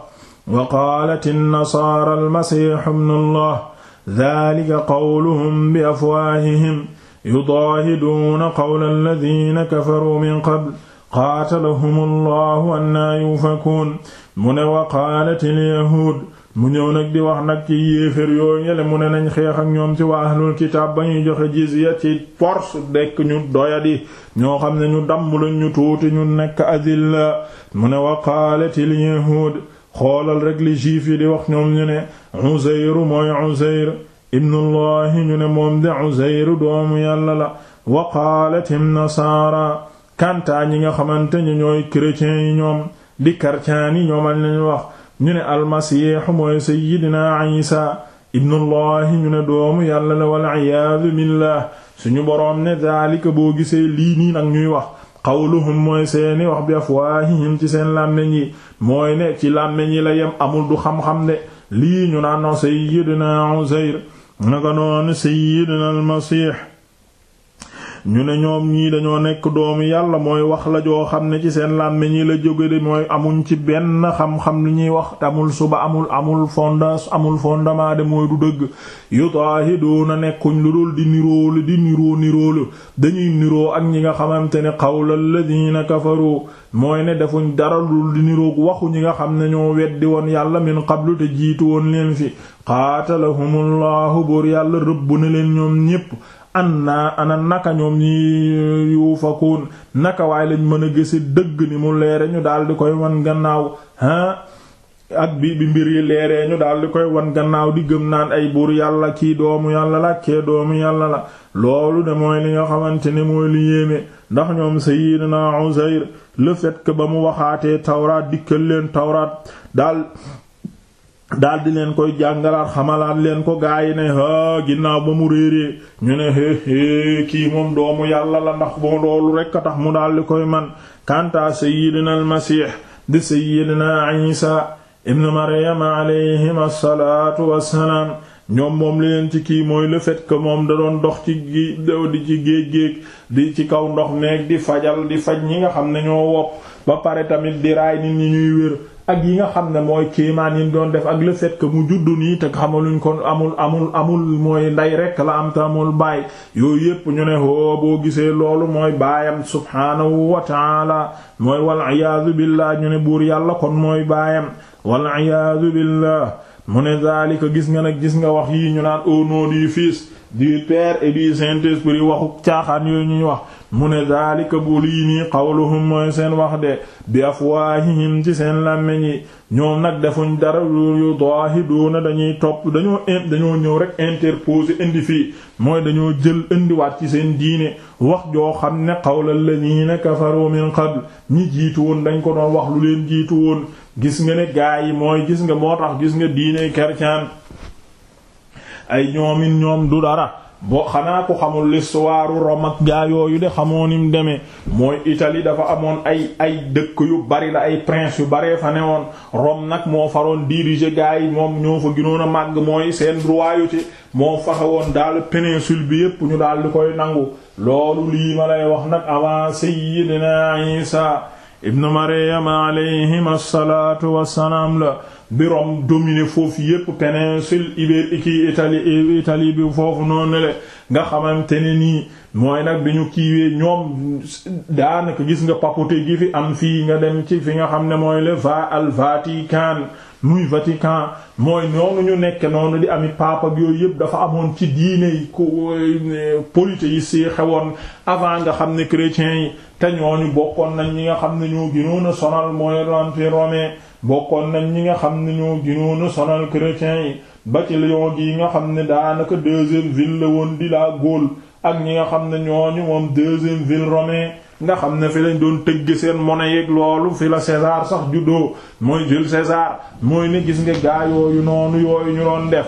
wa qaalat annasaara almasiixu ibnu Allah daalika qawluhum bi afwaahihim yudaahiduuna qawla alladiina kafaruu min qabl qaatalahum allahu annaa yufakuun mu ne wa qaalatil yahuud mu ñëw nag di wax nag ci yéefér yoo ñele mu ne nañ xeex ak ñoom ci waa ahlul kitaab ba ñuy joxe jizya ci force dekk ñu doyadi ñoo xam ne ñu damm lañ ñu tuuti ñu nekk azilla mu ne wa qaalatil yahuud xoolal rek li juif yi di wax ñoom ñu ne Uzayru mooy Uzayr ibnullahi ñu ne moom de Uzayru doomu yàlla la wa qaalatim nasaara kantaa ñi nga xamante ñu ñooy chrétiens yi ñoom di karcaani ñoomal nañu wax ñu ne almasiixu mooy sayyidina isa ibnullahi ñu ne doomu yàlla la wal iyaadu billah suñu boroom ne daalika boo gisee lii nii nag ñuy wax qawluhum mooy seeni wax bi afwaahihim ci seen làmmiñ mooy ne ci làmmiñ yi la yem amul du xam-xam de lii ñu naan sayyidina usayr naka noonu sayyidina almasiix ñu ne ñoom ñii dañoo nekk doomu yàlla mooy wax la joo xam ne ci seen làmmiñ yi la jóge de mooy amuñ ci benn xam-xam li ñuy wax amul suba amul amul fondance amul fondement de mooy du dëgg yutaahiduuna nekkuñ lu dul di niroolu di niroo niroolu dañuy niroo ak ñi nga xamante ne qawla alladina kafaru mooy ne defuñ dara lu di niroog waxu ñi nga xam ne ñoo weddi woon yàlla min xablu te jiitu woon leen fi qaatalahumullahu buur yàlla rëbb na leen ñoom ñépp anna ana naka ñoom ñi yuufakuun naka waaye lañ mën a gise dëgg ni mu leere ñu daal di koy wan gannaaw ha ak bi bi mbir yi leere ñu daal di koy wan gannaaw di gëm naan ay buur yàlla kii doomu yàlla la kee doomu yàlla la loolu de mooy li nga xamante ne mooy li yéeme ndax ñoom sayyidina Usayr le fait que ba mu waxaatee tawraat dikkal leen tawraat daal daal di leen koy jàngalaat xamalaat leen ko gaa yi ne a ginnaaw ba mu réeree ñu ne éé kii moom doomu yàlla la ndax boo loolu rekk a tax mu daal di koy man kanta sayyidina al-masih di sayyidina isa ibn maryama alayhim assalaatu wassalaam ñoom moom li leen ci kii mooy le fait moom da doon dox ci gi di ci géej-géej di ci kaw ndox meeg di fajal di faj ñi nga xam ne ñoo wopp ba pare tamit di raay nit ñi ñuy wér ak yi nga xam ne mooy kéemaan yi doon def ak le fait mu juddu nii te ñu kon amul amul amul mooy nday rekk la am te amul baay yooyu yépp ñu ne hoo boo gisee loolu mooy baayam subhaanahu wa taala mooy wal iyaadu billah ñu ne buur yàlla kon mooy baayam wal iyaadu billah mu ne zaalika gis nga ne gis nga wax yi ñu naan o nom du Fils du Père et du Saint-Esprit waxu caaxaan yooyu ñuy wax mu ne daalika bu lii nii qawluhum mooy seen wax de bi afwaahihim ci seen làmmiñ yi ñoom nag defuñ dara doon daahiduuna dañuy topp dañoo dañoo ñëw rek interposer indi fii mooy dañoo jël indiwaat ci seen diine wax joo xam ne qawla alladhiina kafaru min qabl ñi jiitu woon dañ ko doon wax lu leen jiitu woon gis nga ne gaa yi mooy gis nga boo tax gis nga diine kercaan ay ñoomin ñoom du dara bo xanaa ko xamul l'histoire Rome ak gaa yooyu de xamoo ni mu demee mooy Italie dafa amoon ay ay dëkk yu bari la ay prince yu baree fa ne woon Rome nag moo faroon diriger gaa yi moom ñoo fa ginoon a màgg mooy seen royauté moo faxe woon daal péninsule bi yépp ñu daal di koy nangu loolu lii ma lay wax nag avant Sayyidina Isa ibnu Maryam alayhim asalaatu wassalaam la bi Rome dominé foofu yépp péninsule ibérique kii Italie Italie bi foofu noonu le nga xamante ne nii mooy nag bi ñu kiiwee ñoom daanaka gis nga papauté gi fi am fii nga dem ci fi nga xam ne mooy le va al Vatican muy Vatican mooy noonu ñu nekke noonu di amit papa ak yooyu yëpp dafa amoon ci diine yi ko politique yi si xewoon avant nga xam ne chrétiens yi te ñooñu bokkoon nañ ñi nga xam ne ñoo gënoon a sonal mooy l'Empire romain bokkoon nañ ñi nga xam ne ñoo ginoonu sonal chrétiens yi ba ci Lyon gi nga xam ne daanaka deuxième ville la woon di la Gaule ak ñi nga xam ne ñooñu moom deuxième ville romaine nga xam ne fi lañ doon tëgg seen monnaie yeeg loolu fi la César sax juddoo mooy jël César mooy ne gis nga gaa yooyu noonu yooyu ñu doon def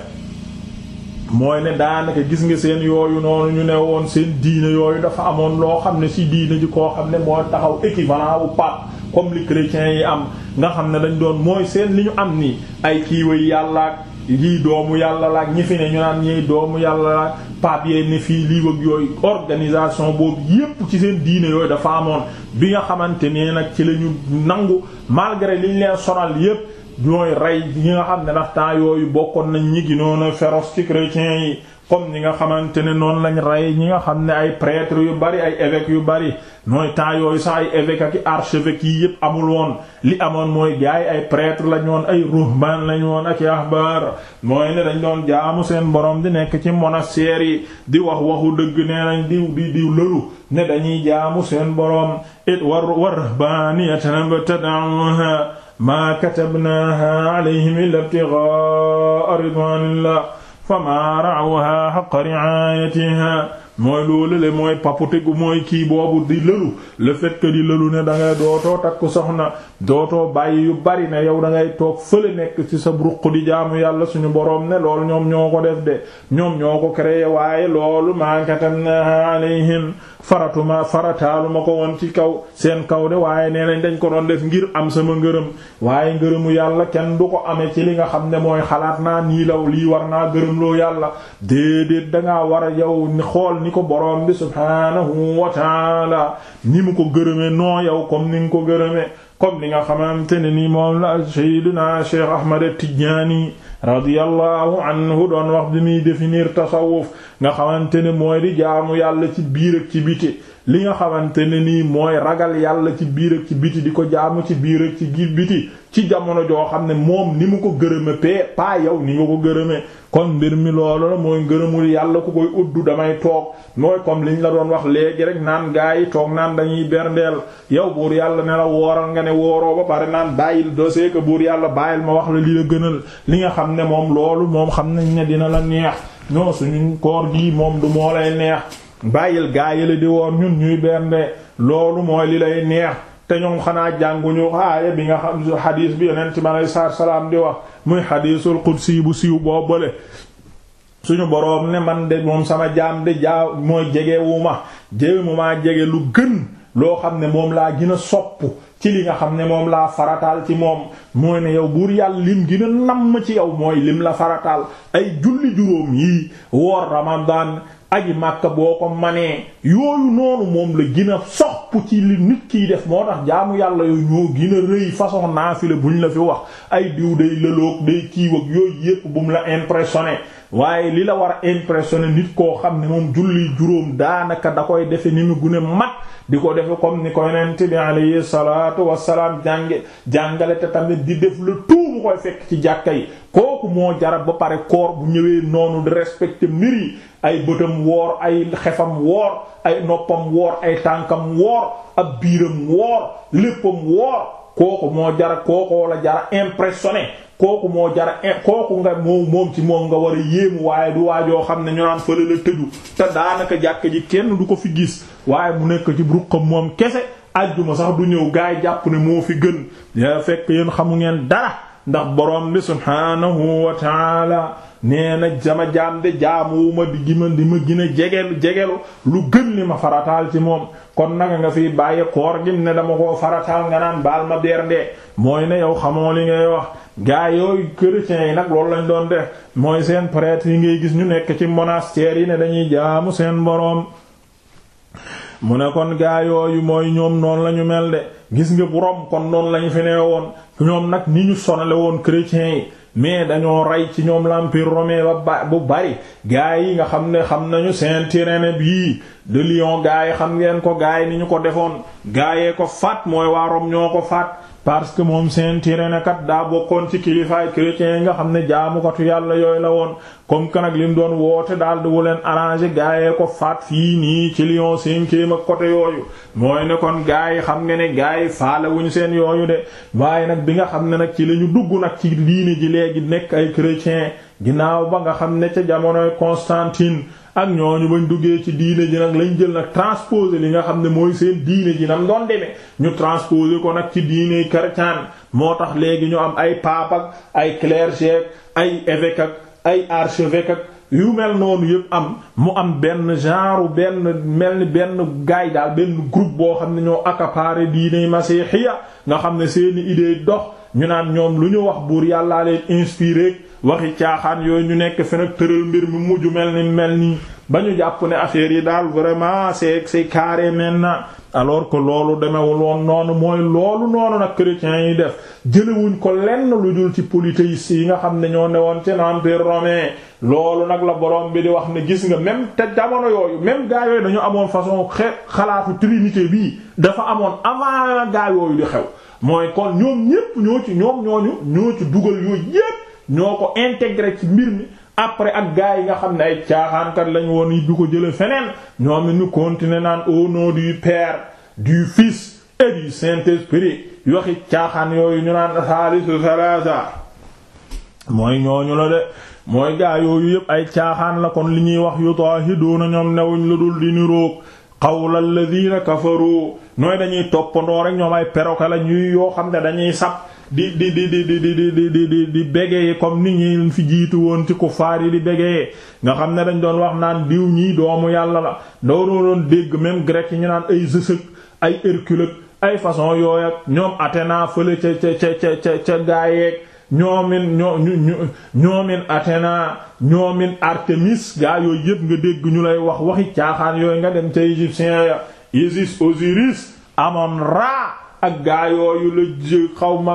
mooy ne daanaka gis nga seen yooyu noonu ñu ne woon seen diine yooyu dafa amoon loo xam ne si diine ji koo xam ne moo taxaw équivalent wu pape comme li chrétiens yi am nga xam ne dañ doon mooy seen li ñu am ni ay kiiway yàllaak lii doomu yàlla laak ñi fi ne ñu naan ñiy doomu yàlla laak papier ne fii lii wëg yooyu organisation boobu yépp ci seen diine yooyu dafa amoon bi nga xamante ne nag ci la ñu nangu malgré liñ leen sonal yépp ñooy rey ñi nga xam ne ndax temps yooyu bokkoon nañ ñi ginoon a féroce ci chrétiens yi comme ñi nga xamante ne noonu lañ rey ñi nga xam ne ay prêtre yu bari ay évêques yu bari nooy temps yooyu sax ay évêques ak archevêques yi yépp amul woon li amoon mooy gaay ay prêtre lañ woon ay ruhban lañ woon ak ahbar mooy ne dañ doon jaamu seen boroom di nekk ci monastères yi di wax waxu dëgg nee nañ diw di diw lëlu ne dañuy jaamu seen borom it war war rahbaniyatan btadauha ma katabnaha alayhim illa ibtigha ridwanillah fama raawha haqqa ri'ayatiha mooy loolu le mooy paputegu mooy kii boobu di lëlu le fait que di lëlu ne da ngay dootoo takk soxna dootoo bàyyi yu bari na yow da toog fële nekk ci sa ruq di jaamu yàlla suñu boroom ne loolu ñoom ñoo ko def de ñoom ñoo ko créé waaye loolu maakatam na alayhim faratuma farataaluma ko woon ci kaw seen kaw de waaye nee nañ dañ ko doon def ngir am sama ngërëm waaye ngërëmu yàlla kenn du ko amee ci li nga xam ne mooy xalaat naa nii law lii war naa gërëmloo yàlla déedéet dangaa war a yow xool ni ko boroom bi subhaanahu wa ni mu ko gërëme noo yow comme ni nga ko gërëme comme ni nga xamante ne nii moom la Seydina Cheikh Ahmad Tidiane radiyallahu an doon wax bi muy définir tasawuf nga xamante ne mooy di jaamu yàlla ci biir ak ci biti li nga xamante ne nii mooy ragal yàlla ci biir ak ci biti di ko jaamu ci biir ak ci biti ci jamono joo xam ne moom ni mu ko gërëme pee paa yow ni nga ko gërëme kon mbir mi loolu la mooy ngërëmul yàlla ku koy uddu damay toog mooy comme li liñ la doon wax léegi rek naan gaa yi toog naan dañuy berndeel yow buur yàlla ne la wooral nga ne wooroo ba pare naan bàyyil doo ko buur yàlla bàyyil ma wax la li la gënal li nga xam ne moom loolu moom xam nañ ne dina la neex ñoo suñu koor gii moom du moo lay neex bàyyil gaa yi la di woor ñun ñuy bernde loolu mooy li lay neex te ñoom xanaa jànguñu aaya bi nga xam xadiis bi yonent mi alayhi salaam di wax muy xadiisul qudsi bu siiw boobale suñu boroom ne man de moom sama jaam de jaa mooy jegewu ma jéew lu gën loo xam ne moom laa gën a sopp ci li nga xam ne moom laa farataal ci moom mooy ne yow buur yàlla lim gën a namm ci yow mooy lim la farataal ay julli juróom yi woor ramadan aji màkka boo ko manee yooyu noonu moom la gën a ci li nit kiy def moo tax jaamu yàlla yooyu ñoo gën a rëy façon naafila buñ la fi wax ay diw day lëloog day kiiwag yooyu yépp bu mu la impressionné waaye li la war a impressionné nit koo xam ne moom julli juróom daanaka da koy defe ni mu gune mat di ko defe comme ni ko yonent bi alayhi salaatu wassalaam jànge jàngale te tamit di def le tout mu koy fekk ci jàkka yi kooku moo jarat ba pare koor bu ñëwee noonu di respecté mbir yi ay bëtam woor ay xefam woor ay noppam woor ay tànkam woor ak biiram woor léppam woor kooku moo jara kookoo la jara impressionné kooku moo jara eh, kooku nga moom moom ci moom nga war a yéemu waaye du waajoo xam ne ñu naan fële la tëju te daanaka jàkk ji kenn du ko fi gis waaye mu nekk ci ruqam moom kese ajjuma sax du ñëw gaay jàpp ne moo fi gën fekk yéen xamu ngeen dara ndax borom bi subhaanahu wa taala nee na jama jaam de jaamuwuma di ma gën a jegelu jegelu lu gën li ma farataal ci moom kon naka nga fiy bàyyi koor gi ne dama koo farataal nga naan baal ma beer ndee mooy ne yow xamoo li ngay wax gaa yooyu chrétiens yi nag loolu lañ doon def mooy seen prêtre yi ngay gis ñu nekk ci monastères yi ne dañuy jaamu seen boroom mu ne kon gaa yooyu mooy ñoom noonu la ñu mel de gis nga Rome kon noonu la ñu fi nee woon ñoom nag ni ñu sonale woon chrétiens yi mais dañoo rey ci ñoom l'empire romain ba ba bu bari gaa yi nga xam ne xam nañu seen Irénée bii de lion gaa yi xam ngeen ko gaa yi ni ñu ko defoon gaa yee ko faat mooy waa Rome ñoo ko faat. parce que moom Saint Irénée kat daa bokkoon ci kilifaay chrétiens yi nga xam ne jaamukatu yàlla yooyu la woon comme que nag lim doon woote daal di wu leen arrangé gaayee ko faat fii nii ci Lyon cinquième ak côté yooyu mooy ne kon gaay yi xam nga ne gaay yi faale wuñ seen yooyu de waaye nag bi nga xam ne nag ci la ñu dugg nag ci diine ji léegi nekk ay chrétiens ginnaaw ba nga xam ne ca jamonoy Constantine. ak ñu bañ duggee ci diine ji nag lañ jël nag transposé li nga xam ne mooy seen diine ji nam doon demee ñu transposé ko nag ci diine chrétien moo tax léegi ñu am ay pape ak ay clergé ak ay évêque ak ay archevêque ak yu mel noonu yëpp am mu am benn genre benn mel ni benn gaay daal benn groupe boo xam ne ñoo accaparé diine masihiya nga xam ne seeni idée dox ñu naan ñoom lu ñu wax buur yàllaa leen inspiré waxi caaxaan yooyu ñu nekk fi nag tëral mbir mu mujj mel ni mel nii ba ñu jàpp ne affaire yi daal vraiment c'est c'est carré maintenant alors que loolu demewul woon noonu mooy loolu noonu nag chrétiens yi def jëlewuñ ko lenn lu jul ci polythéistes yi nga xam ne ñoo newoon ci l'empire romain loolu nag la borom bi di wax ne gis nga même te jamono yooyu même gaa dañu amoon façon xe xalaatu trinité bii dafa amoon avant gaa yooyu di xew mooy kon ñoom ñépp ñoo ci ñoom dugal yooyu ñoo ko intégré ci mbir mi après ak gars yi nga xam ne ay caaxaankat lañu woon yi du ko jële feneen ñoom ñu continuer naan au nom du père du fils et yu Saint-Esprit waxi caaxaan yooyu ñu naan saalisu salaasa mooy ñooñu la de mooy gaa yooyu yépp ay caaxaan la kon li ñuy wax yu taahiduuna ñoom newuñ lu dul di niroog qawla alladhina kafaru nooy dañuy toppandoo rek ñoom ay perroquet la yoo xam ne dañuy sab di di di di di di di di di bégeyee comme ni ñi fi jiitu woon ci kufaar yi di bégeyee nga xam ne dañ doon wax naan diw ñii doomu yàlla la doo doon dégg même grec yi ñu naan ay Zeus ay Hercule ay façon yooyu ñoom Athéna fële ca ca ca ca ca gaayeeg ñoomin ñooñu ñoomin Athéna yooyu yëpp nga dégg ñu lay wax waxi caaxaan yooyu nga dem ca égyptien ya Isis Osiris Amon Ra ak gaa yooyu la ji xaw ma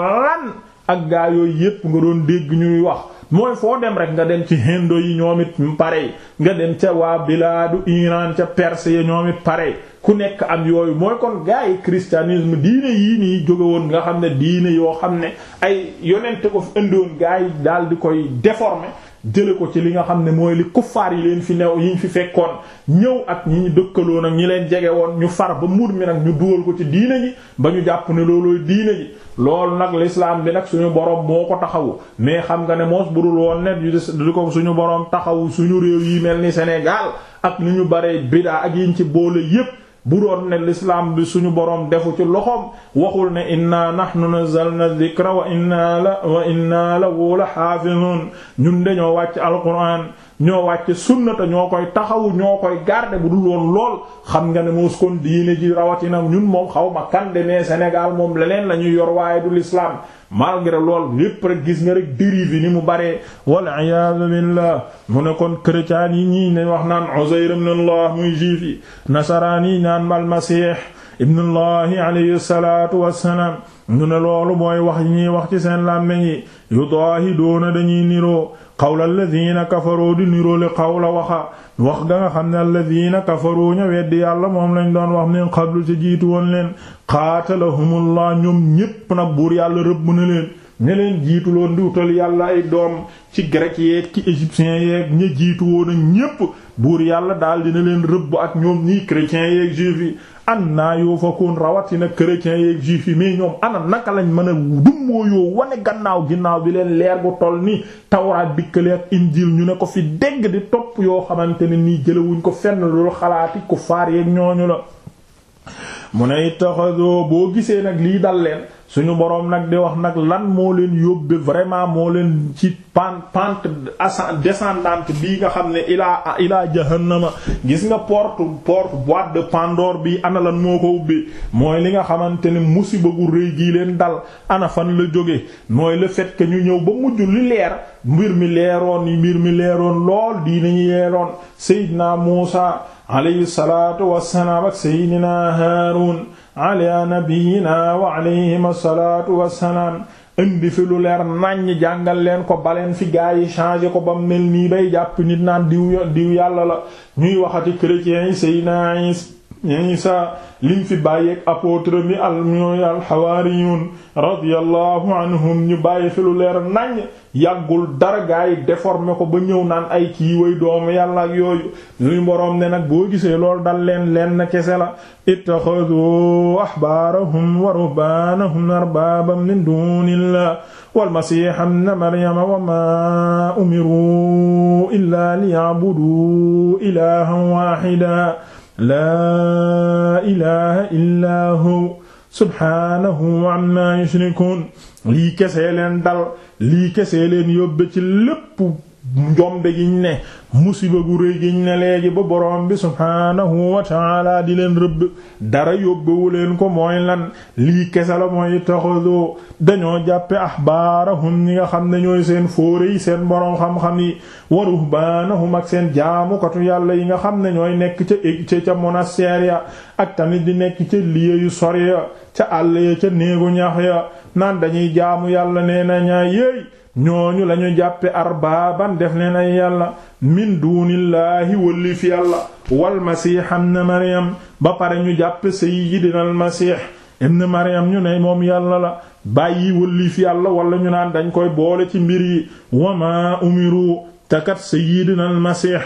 ak gaa yooyu yépp nga doon dégg ñuy wax mooy foo dem rek nga dem ci hindo yi ñoom it pare nga dem ca waa bilaadu Iran ca perse ya ñoom it pare ku nekk am yooyu mooy kon gaa yi christianisme diine yii nii jóge nga xam ne diine yoo xam ne ay yonente ko fi indiwoon gaa yi daal di koy déformer jële ko ci li nga xam ne mooy li kuffaar yi leen fi new yi ñu fi fekkoon ñëw ak ñi ñu dëkkaloon ak ñi leen jege woon ñu far ba mur mi nag ñu dugal ko ci diine ji ba ñu jàpp ne loolooy diine yi loolu nag lislaam bi nag suñu borom moo ko taxawu mais xam nga ne moos budul woon ne di ko suñu borom taxawu suñu réew yi mel ni Sénégal ak li ñu bare bidaa ak yi ñu ci boole yépp bu doon ne lislaam bi suñu boroom defu ci loxoom waxul ne inna nahnu nazzalna dhikra wa inna la wa inna lahu la xaafizun ñun dañoo wàcc alquran ñoo wàcce sunna te ñoo koy taxawu ñoo koy garder bu dul woon lool xam nga ne moos kon diine ji rawatina ñun moom xaw ma kan de mais moom leneen la ñuy yor waaye du l'islam malgré lool lépp rek gis nga rek dérive ni mu baree wal iyaadu billah mu ne kon chrétien yi ne wax naan Uzayr ibn Allah muy juif yi nasaraan yi naan al Masih ibn Allah alayhi salatu wassalam ñu ne loolu mooy wax yi ñuy wax ci seen làmmeñ yi yudaahiduuna dañuy niroo xawla alladina kafaroo di niroole xawla waxa wax ga nga xam ne alladina kafaroo ña weddi yàlla moom lañ doon wax min qablu ci jiitu woon leen xaatalahumullah ñoom ñépp nag buur yàlla rëbb na leen ña leen jiituloon di wutal yàlla ay doom ci grec yeeg ci égyptiens yeeg ña jiitu woon ñépp buur yàlla daal dina leen rëbb ak ñoom nii chrétiens yeeg juifs yi an naa yoo koon rawatina chrétiens yeeg juifs yi mais ñoom ana naka lañ mën a dummoo yoo wane gannaaw ginnaaw bi leen leer bu toll nii tawraat dikkale ak injil ñu ne ko fi dégg di topp yoo xamante ne nii jëlewuñ ko fenn loolu xalaati ku faar yeeg ñooñu la mu ne ittaxadoo boo gisee nag lii dal leen suñu boroom nag di wax nag lan moo leen yóbbe vraiment moo leen ci pant pente descendante bii nga xam ne ilaa ilaa jahannama gis nga porte porte boîte de Pandore bi ana lan moo ko ubbi mooy li nga xamante ne musiba gu rëy gii leen dal ana fan la jóge mooy le fait que ñu ñëw ba mujj li leer mbir mi leeroon yi mbir mi leeroon lool diine ñu leeroon Seydina Muusa alayhi salaatu wassalaam ak Seydina Haarun ala nabiyina wa alayhim wa wassalaam indi fi lu leer nàññ jàngal leen ko baleen fi gaa yi changé ko bam mel nii bay jàpp nit naan diw diw yàlla la ñuy waxati chrétiens yi say naais ñi sa liñ fi bàyyeeg apôtre mi al ñooy alxawaariyun radiyallahu anhum ñu bàyyi fi lu leer nañ yàggul dara gaa yi déformé ko ba ñëw naan ay kii way doomu yàlla ak yooyu luy boroom ne nag boo gisee loolu dal leen leen na kese la ittaxadu ahbaarahum wa ruhbaanahum arbaaban min dunillah walmasiha ibna maryama wa ma umiru illa liya'budu ilahan wahida laa ilaha illaa hu subhaanahu amma yushrikuun lii kesee leen dal lii kesee leen yóbbe ci lépp njombe giñ ne musiba gu rëy giñ ne léegi ba boroom bi subhaanahu wa taala di leen rëbb dara yóbbawu leen ko mooy lan lii kese la mooy taxadoo dañoo jàppee jàppe ahbaarahum ñi nga xam ne ñooy seen fóore yi seen boroom xam-xam yi wa ruhbaanahum ak seen jaamukatu yàlla yi nga xam ne ñooy nekk ca ca ca monastère ya ak tamit di nekk ca lieu yu sori ya ca àll ya ca néegu ñax ya naan dañuy jaamu yàlla nee na ñaa yéey ñooñu lañu jàppe arbaaban def leen ay yàlla min duunillaahi wëllif yàlla wal masiix ibn maryam ba pare ñu jàppe sayyidina al masiix ibn maryam ñu ne moom yàlla la bàyyi wëllif yàlla wala ñu naan dañ koy boole ci mbir yi wamaa umiru te sayyidina al masiix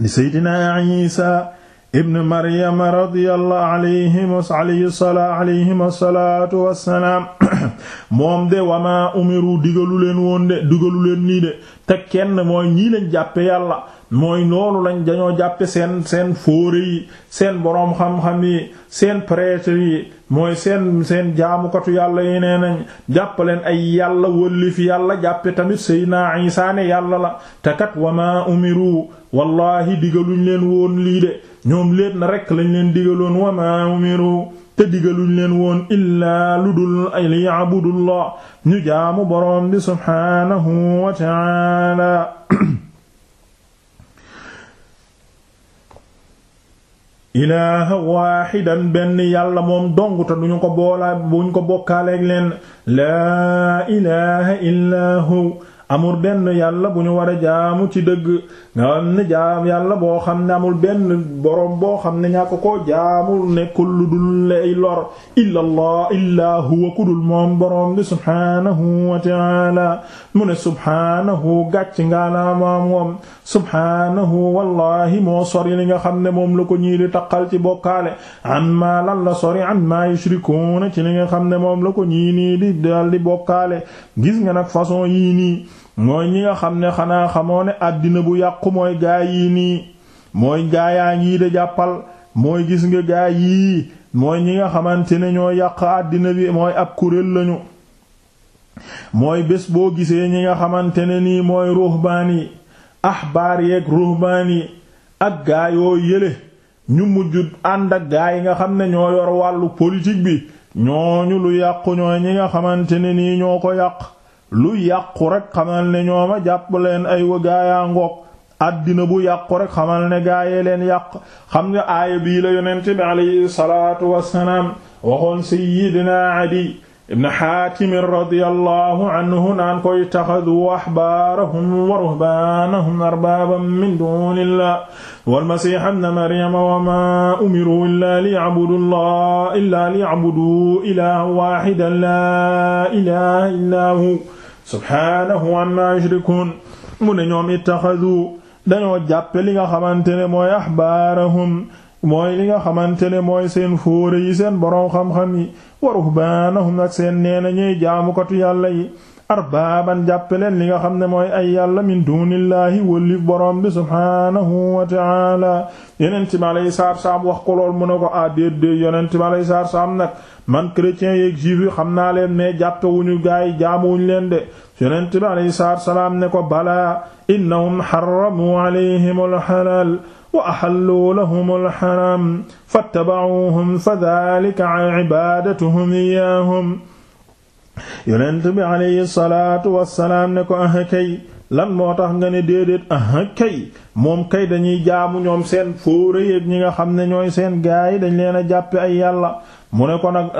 li sayyidina isa ibn Maryam radiyallahu alayhim alayhi salaa alayhim asalaatu wassalaam moom de wamaa umiru digalu leen woon de digalu leen lii de te kenn mooy ñii lañ jàppe yàlla mooy loolu lañ dañoo jàppe seen seen fóore yi seen boroom xam-xam yi seen prêtre yi mooy seen seen jaamukatu yàlla yi nee nañ jàppaleen ay yàlla wëllif yàlla jàppe tamit Seydina Isaa ne yàlla la te kat wa maa umiru wallahi digaluñ leen woon lii de ñoom léet na rekk lañ leen digaloon wa maa umiru te digaluñ leen woon illaa lu dul liya'budullah ñu jaamu boroom bi subhaanahu wa ta'ala ilaaha waaxidan benn yàlla moom dong te duñu ko boolaa buñ ko bokkaaleeg leen laa ilaaha illaa amul benn yàlla bu ñu war a jaamu ci dëgg nga xam ne jaam yàlla boo xam ne amul benn boroom boo xam ne ñàkk ko jaamul nekkul lu dul lay lor illa huwa ku dul moom boroom bi subhaanahu wa ta'aala mu ne subhaanahu gàcc ngaanaa moom subhaanahu wallahi moo sori li nga xam ne moom la ko ñii di taqal ci bokkaale amma lan la sori amma yushrikuuna ci li nga xam ne moom la ko ñii nii di dal bokkaale gis nga nag façon yii nii mooy ñi nga xam ne xanaa xamoo ne àddina bu yàqu mooy gaa yii nii mooy gaa yaa de jàppal mooy gis nga gaa yii mooy ñi nga xamante ne ñoo yàq àddina bi mooy ab kuréel lañu mooy bés boo gisee ñi nga xamante ne nii mooy ruhbaan yi ahbaar yeeg ruhbaan yi ak gaa yoo yële ñu mujj ànd ak gaa yi nga xam ne ñoo yor wàllu politique bi ñoo ñu lu yàqu ñoo ñi nga xamante ne nii ñoo ko yàq lu yàqu rek xamal ne ñooma jàpp leen ay wa gaayaa ngoog àddina bu yàqu rek xamal ne gaa yee leen yàq xam nga aaya bii la yonent bi alayhi wassalaam waxoon sayyidina Adi ibn xaatim radiyallahu anhu naan ko itaxadu axbaarahum wa ruhbaanahum arbaaban min duunillah walmasiixa ibna maryama wa maa umiruu illaa liya'budu llaha illaa liya'budu ilaahan waaxidan laa ilaaha illaa hu subhaanahu ammaa yushrikuun mu ne ñoom itaxadu dañoo jàppe li nga xamante ne mooy axbaarahum mooy li nga xamante ne mooy seen fóore yi seen boroom xam-xam yi wa ruhbaanahum ak seen nee na ñuy jaamukatu yàlla yi arbaaban jàppaleen li nga xam ne mooy ay yàlla min dunillahi wëllif boroom bi subhaanahu wa taala yeneen ci malay saar saam wax ko lool mu ne ko addéedéey ah, yeneen ci sa saar saam nag man chrétien yeeg juif yi xam naa leen mais jàppewuñu gaay jaamuwuñu leen de yonent bi alayhi salaam ne ko balaa innahum harramu alayhim wa axalluu lahum alxaram fattabacuuhum fa dalika cibaadatuhum iyaahum yonent bi alayhi salaatu wassalaam ne ko ah lan moo tax nga ne déedéet ah, moom kay dañuy jaamu ñoom seen fóora yéeg ñi nga xam ne ñooy seen gaay yi dañ leen a jàppe ay yàlla mu ne ko nag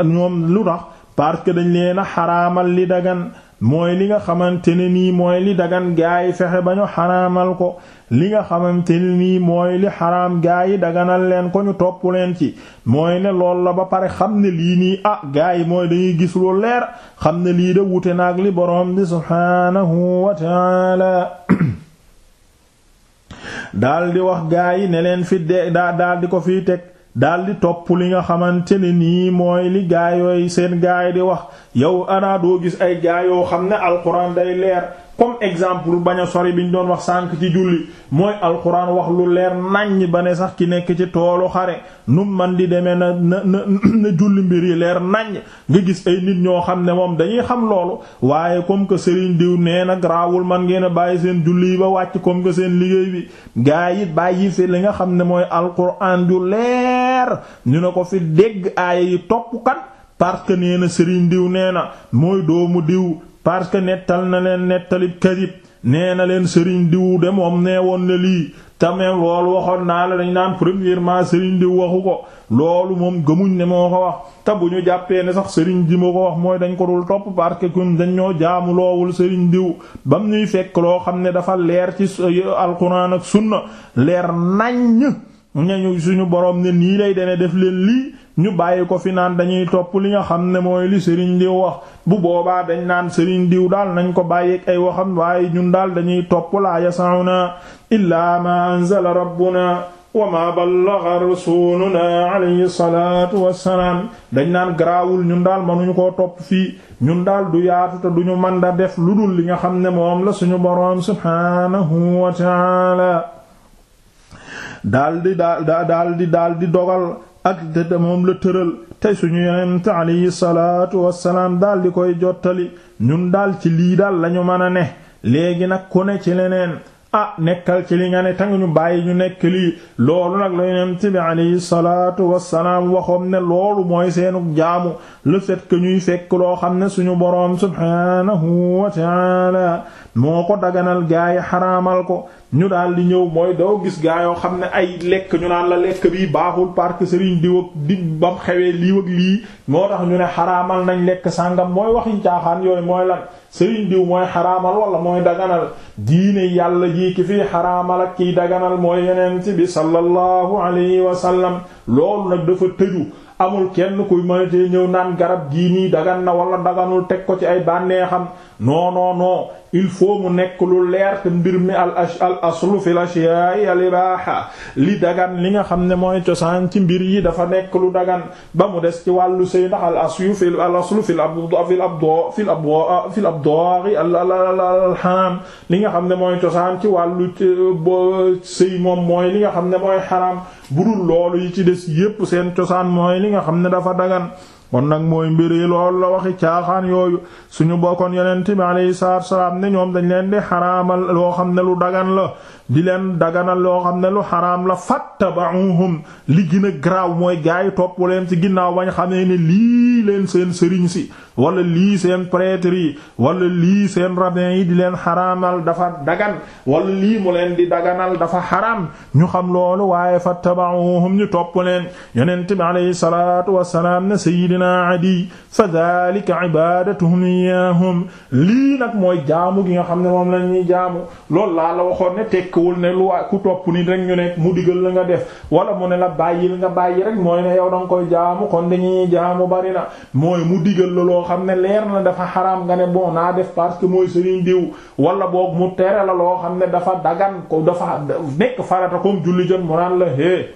parce que dañ leen xaraamal li dagan mooy li nga xamante ne nii mooy li dagan gaa yi fexe ba ñu xaraamal ko li nga xamante ni nii mooy li xaraam gaa yi daganal leen ko ñu topp leen ci mooy ne lool la ba pare xam ne lii nii a ah, gaa yi mooy dañuy gis lu leer xam ne lii de wute naag li boroom bi subhaanahu wa taala daal di wax gaa yi ne leen fi de daal di ko fiy teg daldi topp li nga xamante ne nii mooy li gaayooy seen gaay di wax yow anaa doo gis ay yoo xam ne alxuraan day leer comme exemple bañ a sori bi ñu doon wax sànk ci julli mooy alxuraan wax lu leer naññ ba ne sax ki nekk ci toolu xare nu man di demee na na na julli mbir yi leer nañ nga gis ay nit ñoo xam ne moom dañuy xam loolu waaye comme que Serigne diw nee na garaawul man ngeen a bàyyi seen julli yi ba wàcc comme que seen liggéey bi gaa yi bàyyi fi li nga xam ne mooy alxuraan ju leer leer ñu ne ko fi dégg aaya yi topp kat parce que nee na sëriñ diw nee na mooy doomu diw parce que nettal na leen nettalib kadib nee na leen sëriñ diw de moom nee woon na lii tamit loolu waxoon naa la dañ naan premièrement sëriñ diw waxu ko loolu moom gëmuñ ne moo ko wax te bu ñu jàppee ne sax sëriñ ji ma ko wax mooy dañ ko dul topp parce que kun dañ ñoo jaamu loowul sëriñ diw bam ñuy fekk loo xam ne dafa leer ci alquran ak sunna leer naññ ñu suñu borom ne nii lay dene def leen li ñu bàyyi ko fi naan dañuy topp li nga xam ne mooy li sëriñ diw wax bu boobaa dañ naan sëriñ diw daal nañ ko bàyyi ay waxam waaye ñun daal dañuy topp laa yasauna illaa ma anzala rabbuna wa ma ballaga rasuluna alayhi salatu wassalaam dañ naan garaawul ñun daal mënuñu koo topp fii ñun daal du yaatu te duñu mën da def lu dul li nga xam ne moom la suñu boroom subhanahu wa taala daldi daldi daldi dogal ak te moom la tëral te suñu yonent alayhi salaatu wassalaam daldi koy jottali ñun daal ci lii daal lañu mën a ne léegi nag ku ne ci leneen ah nekkal ci li nga ne tang ñu bàyyi ñu nekk lii loolu nag la yonent bi alayhi salaatu wassalaam waxoon ne loolu mooy seenu jaamu le fait que ñuy fekk loo xam ne suñu boroom subhaanahu wa ta'aala moo ko daganal gaayi xaraamal ko ñu daal li ñëw mooy doo gis gaa yoo xam ne ay lekk ñu naan la lekk bi baaxul parce sëriñ diw ak di bam xewee lii ak lii moo tax ñu ne xaraamal nañ lekk sàngam mooy waxiñ caaxaan yooyu mooy lan sëriñ diw mooy xaramal wala mooy daganal diine yàlla jii ki fii xaraamal ak kiy daganal mooy yeneen ci bi sallallahu alayhi wa sallam loolu nag dafa tëju amul kenn kuy mënatee ñëw naan garab gii nii dagan na wala daganul teg ko ci ay bànneexam non non non il faut mu nekk lu leer te mbir mi al al aslu fi al-ashya'i al-ibaha li dagan li nga xam ne mooy cosaan ci mbir yi dafa nekk lu dagan ba mu des ci wàllu sëy ndax al aslu fi al aslu fi al abdo fi al abdo fi al abdari al haram li nga xam ne mooy cosaan ci wàllu sëy moom mooy li nga xam ne mooy haram budul loolu yi ci des yépp seen cosaan mooy li nga xam ne dafa dagan kon nag mooy mbir yi loolu la waxi caaxaan yooyu suñu bokkoon yonent bi alayhi salaatu salaam ne ñoom dañ leen di xaraamal loo xam ne lu dagan la di leen daganal loo xam ne lu xaraam la fattaba'uhum li gën a garaaw mooy gaay topp leen ci ginnaaw bañ xamee ne lii leen seen sëriñ si wala lii seen prêtre yi wala lii seen rabin yi di leen xaraamal dafa dagan wala lii mu leen di daganal dafa xaraam ñu xam loolu waaye fattaba'uhum ñu topp leen yonent bi seydina adi fa dalika ibadatuhum iyahum lii nag mooy jaamu gi nga xam ne moom la ñuy jaamu loolu laa la waxoon ne tekkiwul ne lu ku topp ni rek ñu nekk mu digal la nga def wala mu ne la bàyyil nga bàyyi rek mooy ne yow da nga koy jaamu kon dañuy jaamu bari na mooy mu digal la loo xam ne leer na dafa xaraam nga ne bon naa def parce que mooy sëriñ diw wala boog mu tere la loo xam ne dafa dagan ko dafa nekk farata comme julli jot mu la hé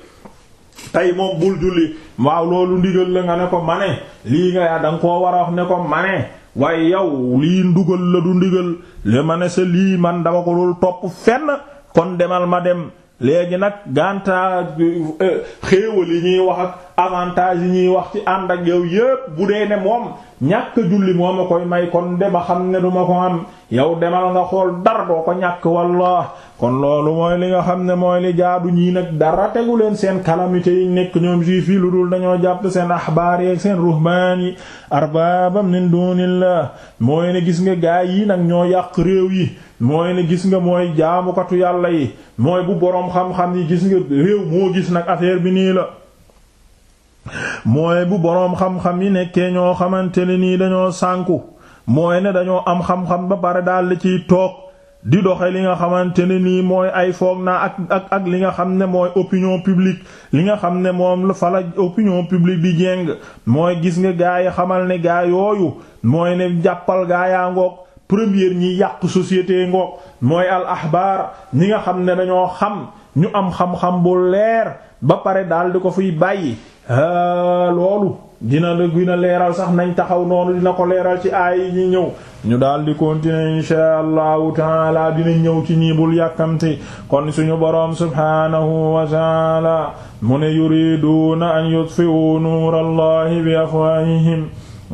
tey moom bul julli waaw loolu ndigal la nga ne ko mane lii nga yaa da koo war a wax ne ko mane waaye yow lii ndugal la du ndigal le ma ne sa lii man dama ko dul topp fenn kon demal ma dem léegi nag gàntaa euh, xéewal yi ñuy wax ak avantage yi ñuy wax ci ànd ak yow yépp bu dee ne moom ñàkk julli moo ma koy may kon de ba xam ne ma ko am yow demal nga xool dara doo ko ñàkk wallah kon loolu mooy li nga xam ne mooy li jaadu ñii nag dara tegu leen seen calamité yi nekk ñoom juif yi lu dul dañoo jàpp seen ahbaar yi ak seen ruhbaan yi arbabam min dunillah mooy ne gis nga gaay yi nag ñoo yàq réew yi mooy ne gis nga mooy jaamukatu yàlla yi mooy bu boroom xam-xam yi gis nga réew moo bi mooy bu boroom xam-xam yi nekkee ñoo xamante ne nii dañoo sànku mooy ne dañoo am xam-xam ba pare daal la ciy toog di doxe li nga xamante ne nii mooy ay foog naa ak ak li nga xam ne mooy opinion publique li nga xam ne moom la fala opinion publique bi jéng mooy gis nga gaa yi xamal ne gaa yooyu mooy ne jàppal gaa yaa ngoog première ñi yàq société ngoog mooy al ahbar ñi nga xam ne dañoo xam ñu am xam-xam bu leer ba pare daal ko fiy bàyyi Ah, loolu dina la gën a leeral sax nañ taxaw noonu dina ko leeral ci aay yi ñi ñëw ñu daal di continuer insha allahu taala dina ñëw ci ñii bul yàkkamti kon suñu boroom subhaanahu wa taala mu ne yuriduuna an yutfi'u nuura allahi bi afwaahihim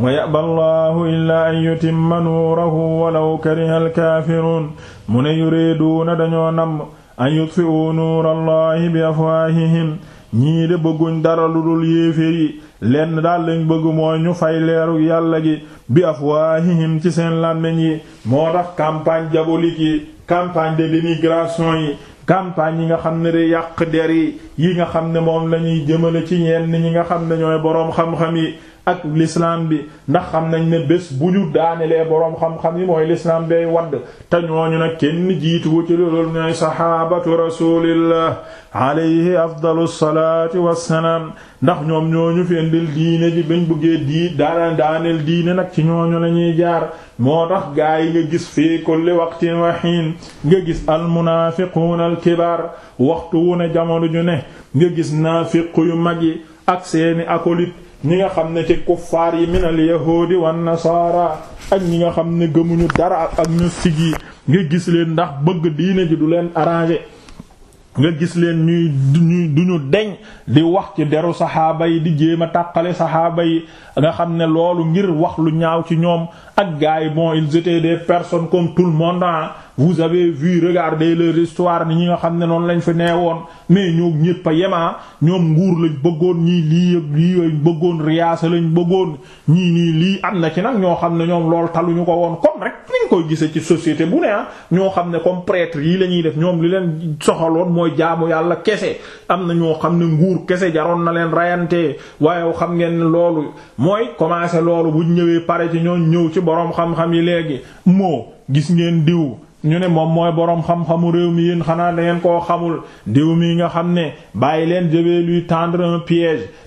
wa ya'ba allahu illaa an yutimma nuurahu walaw kariha alkaafiruun mu ne yuriduuna dañoo namm an yutfi'u nuura allahi bi afwaahihim ñii de bëgguñ dara lu dul yéeféer yi lenn daal lañ bëgg mooy ñu fay leeru yàlla gi bi afwaahihim ci seen làmmiñ yi moo tax campagne diabolique yi campagne de dénigration yi campagne yi nga xam ne de yàq der yi yi nga xam ne moom lañuy jëmale ci ñenn ñi nga xam ne ñooy boroom xam-xam yi ak l'islam bi ndax xam nañ ne bés bu ñu daanelee boroom xam-xam yi mooy l'islam bay wadd te ñooñu nag kenn jiituwu ci loolu ñooy sahabatu rasulillah alayhi afdalu salaati wassalaam ndax ñoom ñooñu fi indil diine ji bañ bëggee daaneel diine nag ci ñooñu la ñuy jaar moo tax gaa yi nga gis fii kulli waqtin wa hiin nga gis almunaafiquuna alkibaar waxtu wu ne jamono ju ne nga gis naafiq yu mag yi ak seeni acolyte ñi nga xam ne ci kuffaar yi minal yahuudi wan nasaara ak ñi nga xam ne gëmuñu dara ak agnostique yi nga gis leen ndax bëgg diine ji du leen arranger nga gis leen ñuy ñuy duñu deñ di wax ci deru saxaaba yi di jéem a tàqale saxaaba yi nga xam ne loolu ngir wax lu ñaaw ci ñoom ak gaay bon ils étaient des personnes comme tout le monde vous avez vu regardez leur histoire ni ñi nga xam ne noonu lañ fi neewoon mais ñoo ñëpp a yemaa ñoom nguur lañ bëggoon ñii lii lii lañ bëggoon riyaasa lañ bëggoon ñii nii lii am na ci nag ñoo xam ne ñoom lool taluñu ko woon comme rek niñ koy gisee ci société bu ne ah, ñoo xam ne comme prêtre yii la ñuy def ñoom li leen soxaloon mooy jaamu yàlla kese am na ñoo xam ne nguur kese jaroon na leen rayante waaye xam ngeen loolu mooy commencé loolu bu ñëwee pare ci ñoo ñëw ci boroom xam yi léegi moo gis ngeen diw ñu ne moom mooy boroom xam-xamu réew mi yéen xanaa da ngeen koo xamul diw mii nga xam ne bàyyi leen je vais lui tendre un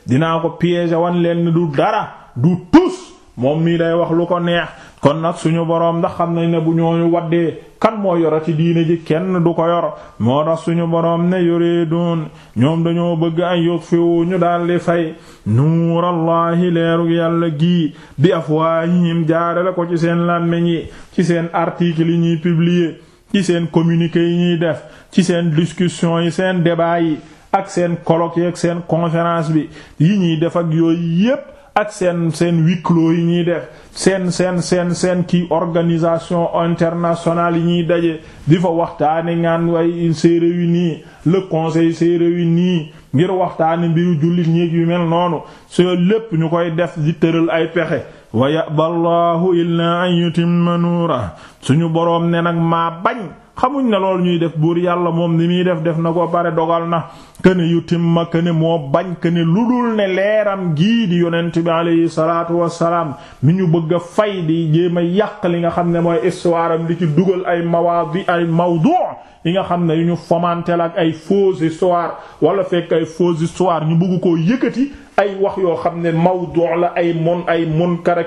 dinaa ko piéger wan leen du dara du tus moom mii day wax lu ko neex kon nag suñu boroom ndax xam nañ ne bu ñooñu waddee kan moo yora ci diine ji kenn du ko yor moo tax suñu boroom ne yore yuridun ñoom dañoo bëgg ay yutfiwu ñu daldi fay nuurallahi leeru yàlla gii bi afwaahihim jaare la ko ci seen làmmiñ yi ci seen article yi ñuy publier ci seen communiqué yi ñuy def ci seen discussion yi seen débat yi ak seen colloque yi ak seen conférence bi yi ñuy def ak yooyu yépp ak seen seen huis clos yi ñuy def seen seen seen seen kii organisation internationale yi ñuy daje di fa waxtaane ngaan way s'est réuni le conseil s'est nii ngir waxtaane mbiru jullit ñéeg yu mel noonu soo lépp ñu koy def di tëral ay pexe wa ya'ba allahu illaa an yutimma nuura suñu boroom ne nag maa bañ xamuñ na loolu ñuy def buur yàlla moom ni muy def def na ko bare dogal na këne yu timma këne moo bañ këne lu dul ne leeram gii di yonent bi alayhi salaatu wassalaam mi ñu bëgg a fay di jéem a yàq li nga xam ne mooy am di ci dugal ay mawaadi ay mawdu yi nga xam ne ñu fomantel ak ay fausse histoire wala fekk ay fausse histoire ñu bëgg koo yëkkati ay wax yoo xam ne mawdu ay mon ay munkar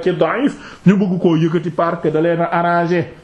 ñu bëgg ko yëkkati parce da leen a arrangé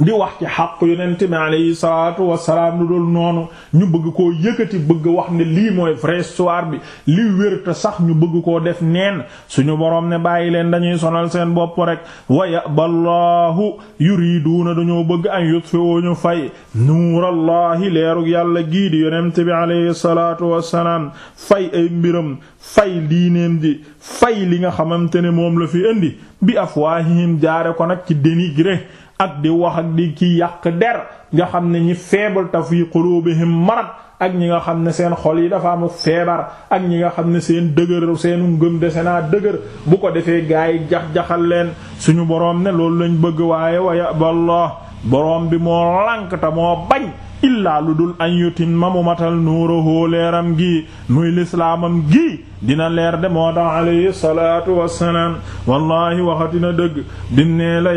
di wax ci xaq yonent bi alayhi salaatu wasalaam lu dul noonu ñu bëgg koo yëkkati bëgg wax ne lii mooy vraie histoire bi li wér sax ñu bëgg koo def neen suñu borom ne bàyyi leen dañuy sonal seen bopp rek wa yaballaahu yuriduuna dañu bëgg an yutfi'u ñu fay nuurallaahi leerug yàlla gii di yonent bi alayhi salaatu wasalaam fay ay mbiram fay diineem di fay li nga xamante ne moom la fi indi bi afwaahihim jaare ko nag ci dénigré ak di wax ak di ci yàq der nga xam ne ñi faible ta fi qulubihim marad ak ñi nga xam ne seen xol yi dafa am feebar ak ñi nga xam ne seen dëgër seenu ngëm dese naa dëgër bu ko defee gaa yi jax-jaxal leen suñu borom ne loolu lañ bëgg waaye waya ballah boroom bi moo lànk te moo bañ illaa lu dul an yutim ma mu matal nuurahu leeram gi muy lislaamam gi dina leer de moo tax alayhi salaatu wassalaam wallahi waxatina dëgg dim nee la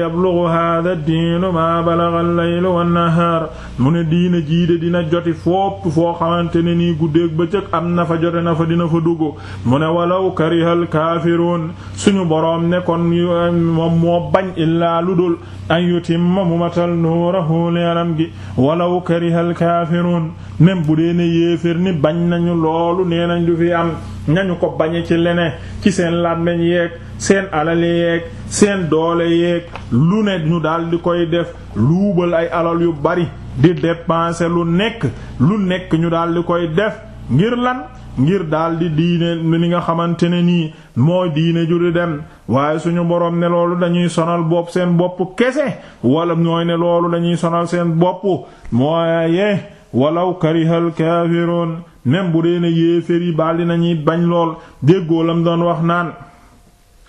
diinu maa balagha al-laylu nahaar mu ne diina jiide dina joti fopp foo xamante ne nii guddeeg bëccëg am na fa jote na fa dina fa dugg mu ne walaw kariha al-kaafiruun suñu boroom ne kon moo bañ illaa lu dul an yutimma mu matal nuurahu leeram gi walaw kariha al-kaafiruun même ne yéefér ni bañ nañu loolu nee nañ du fi am ñu ko bañe ci lene ci seen làmmeñ yeeg seen alal yeeg seen doole yeeg lu ne ñu daal di koy def luubal ay alal yu bari di dépenser lu nekk lu nekk ñu daal di koy def ngir lan ngir daal di diine li nga xamante ne nii mooy diine ju di dem waaye suñu boroom ne loolu dañuy sonal bopp seen bopp kese wala ñooy ne loolu dañuy sonal seen bopp mooye walaw karihal kaafiruun même bu dee ne yéeféer yi baldi nañuy bañ lool déggoo lam doon wax naan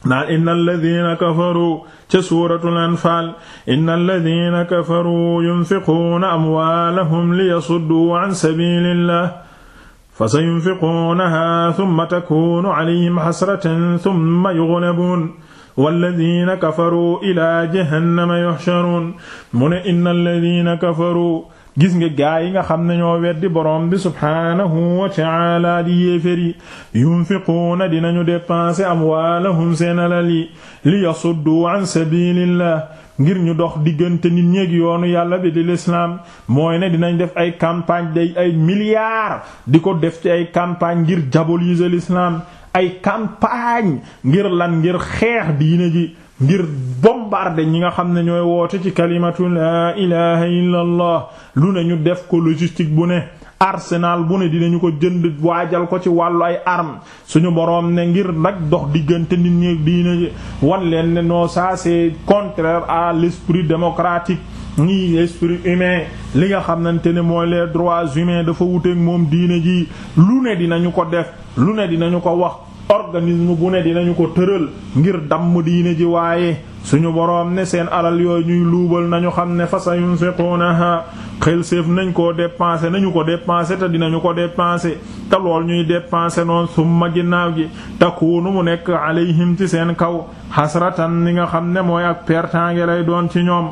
naan inna alladina kafaru ca suuratul anfaal inna alladina kafaru yunfiquuna amwaalahum liyasudduu an sabilillah fa sa yunfiquunaha tumma takuunu alayhim xasratan tumma yughlabuun walladina kafaru ila jahannama yuxsharuun mu ne inna alladina kafaru gis nga gaa yi nga xam ne ñoo weddi borom bi subhaanahu wa ta'ala di yéefér yi yunfiquuna dinañu dépenser amwaalahum seen alal yi li yasuddu an sabilillah ngir ñu dox diggante nit ñéeg yoonu yàlla bi di l'islam mooy ne dinañ def ay campagne day ay milliards di ko def ci ay campagne ngir diaboliser l'islam ay campagne ngir lan ngir xeex diine ji ngir bombarder ñi nga xam ne ñooy woote ci kalimatu laa ilaha illa allah lu ne ñu def ko logistique bu ne arsenal bu ne dinañu ko jënd waajal ko ci wàllu ay arme suñu boroom ne ngir nag dox diggante nit ñi diina wan leen ne non ça c'est contraire à l'esprit démocratique ñii esprit humain li nga xamante ne mooy les droits humains dafa wuteek moom diine ji lu ne dinañu ko def lu ne dinañu ko wax organisme bu ne dinañu ko tëral ngir damm diine ji waaye suñu boroom ne seen alal yooyu ñuy luubal nañu xam ne fasa yunfiqunaha xel séef nañ koo dépensé nañu ko dépensé te dinañu ko dépensé te lool ñuy dépensé noonu summa ginnaaw gi takuunu mu nekk alayhim ci seen kaw xasratan li nga xam ne mooy ak pertange lay doon ci ñoom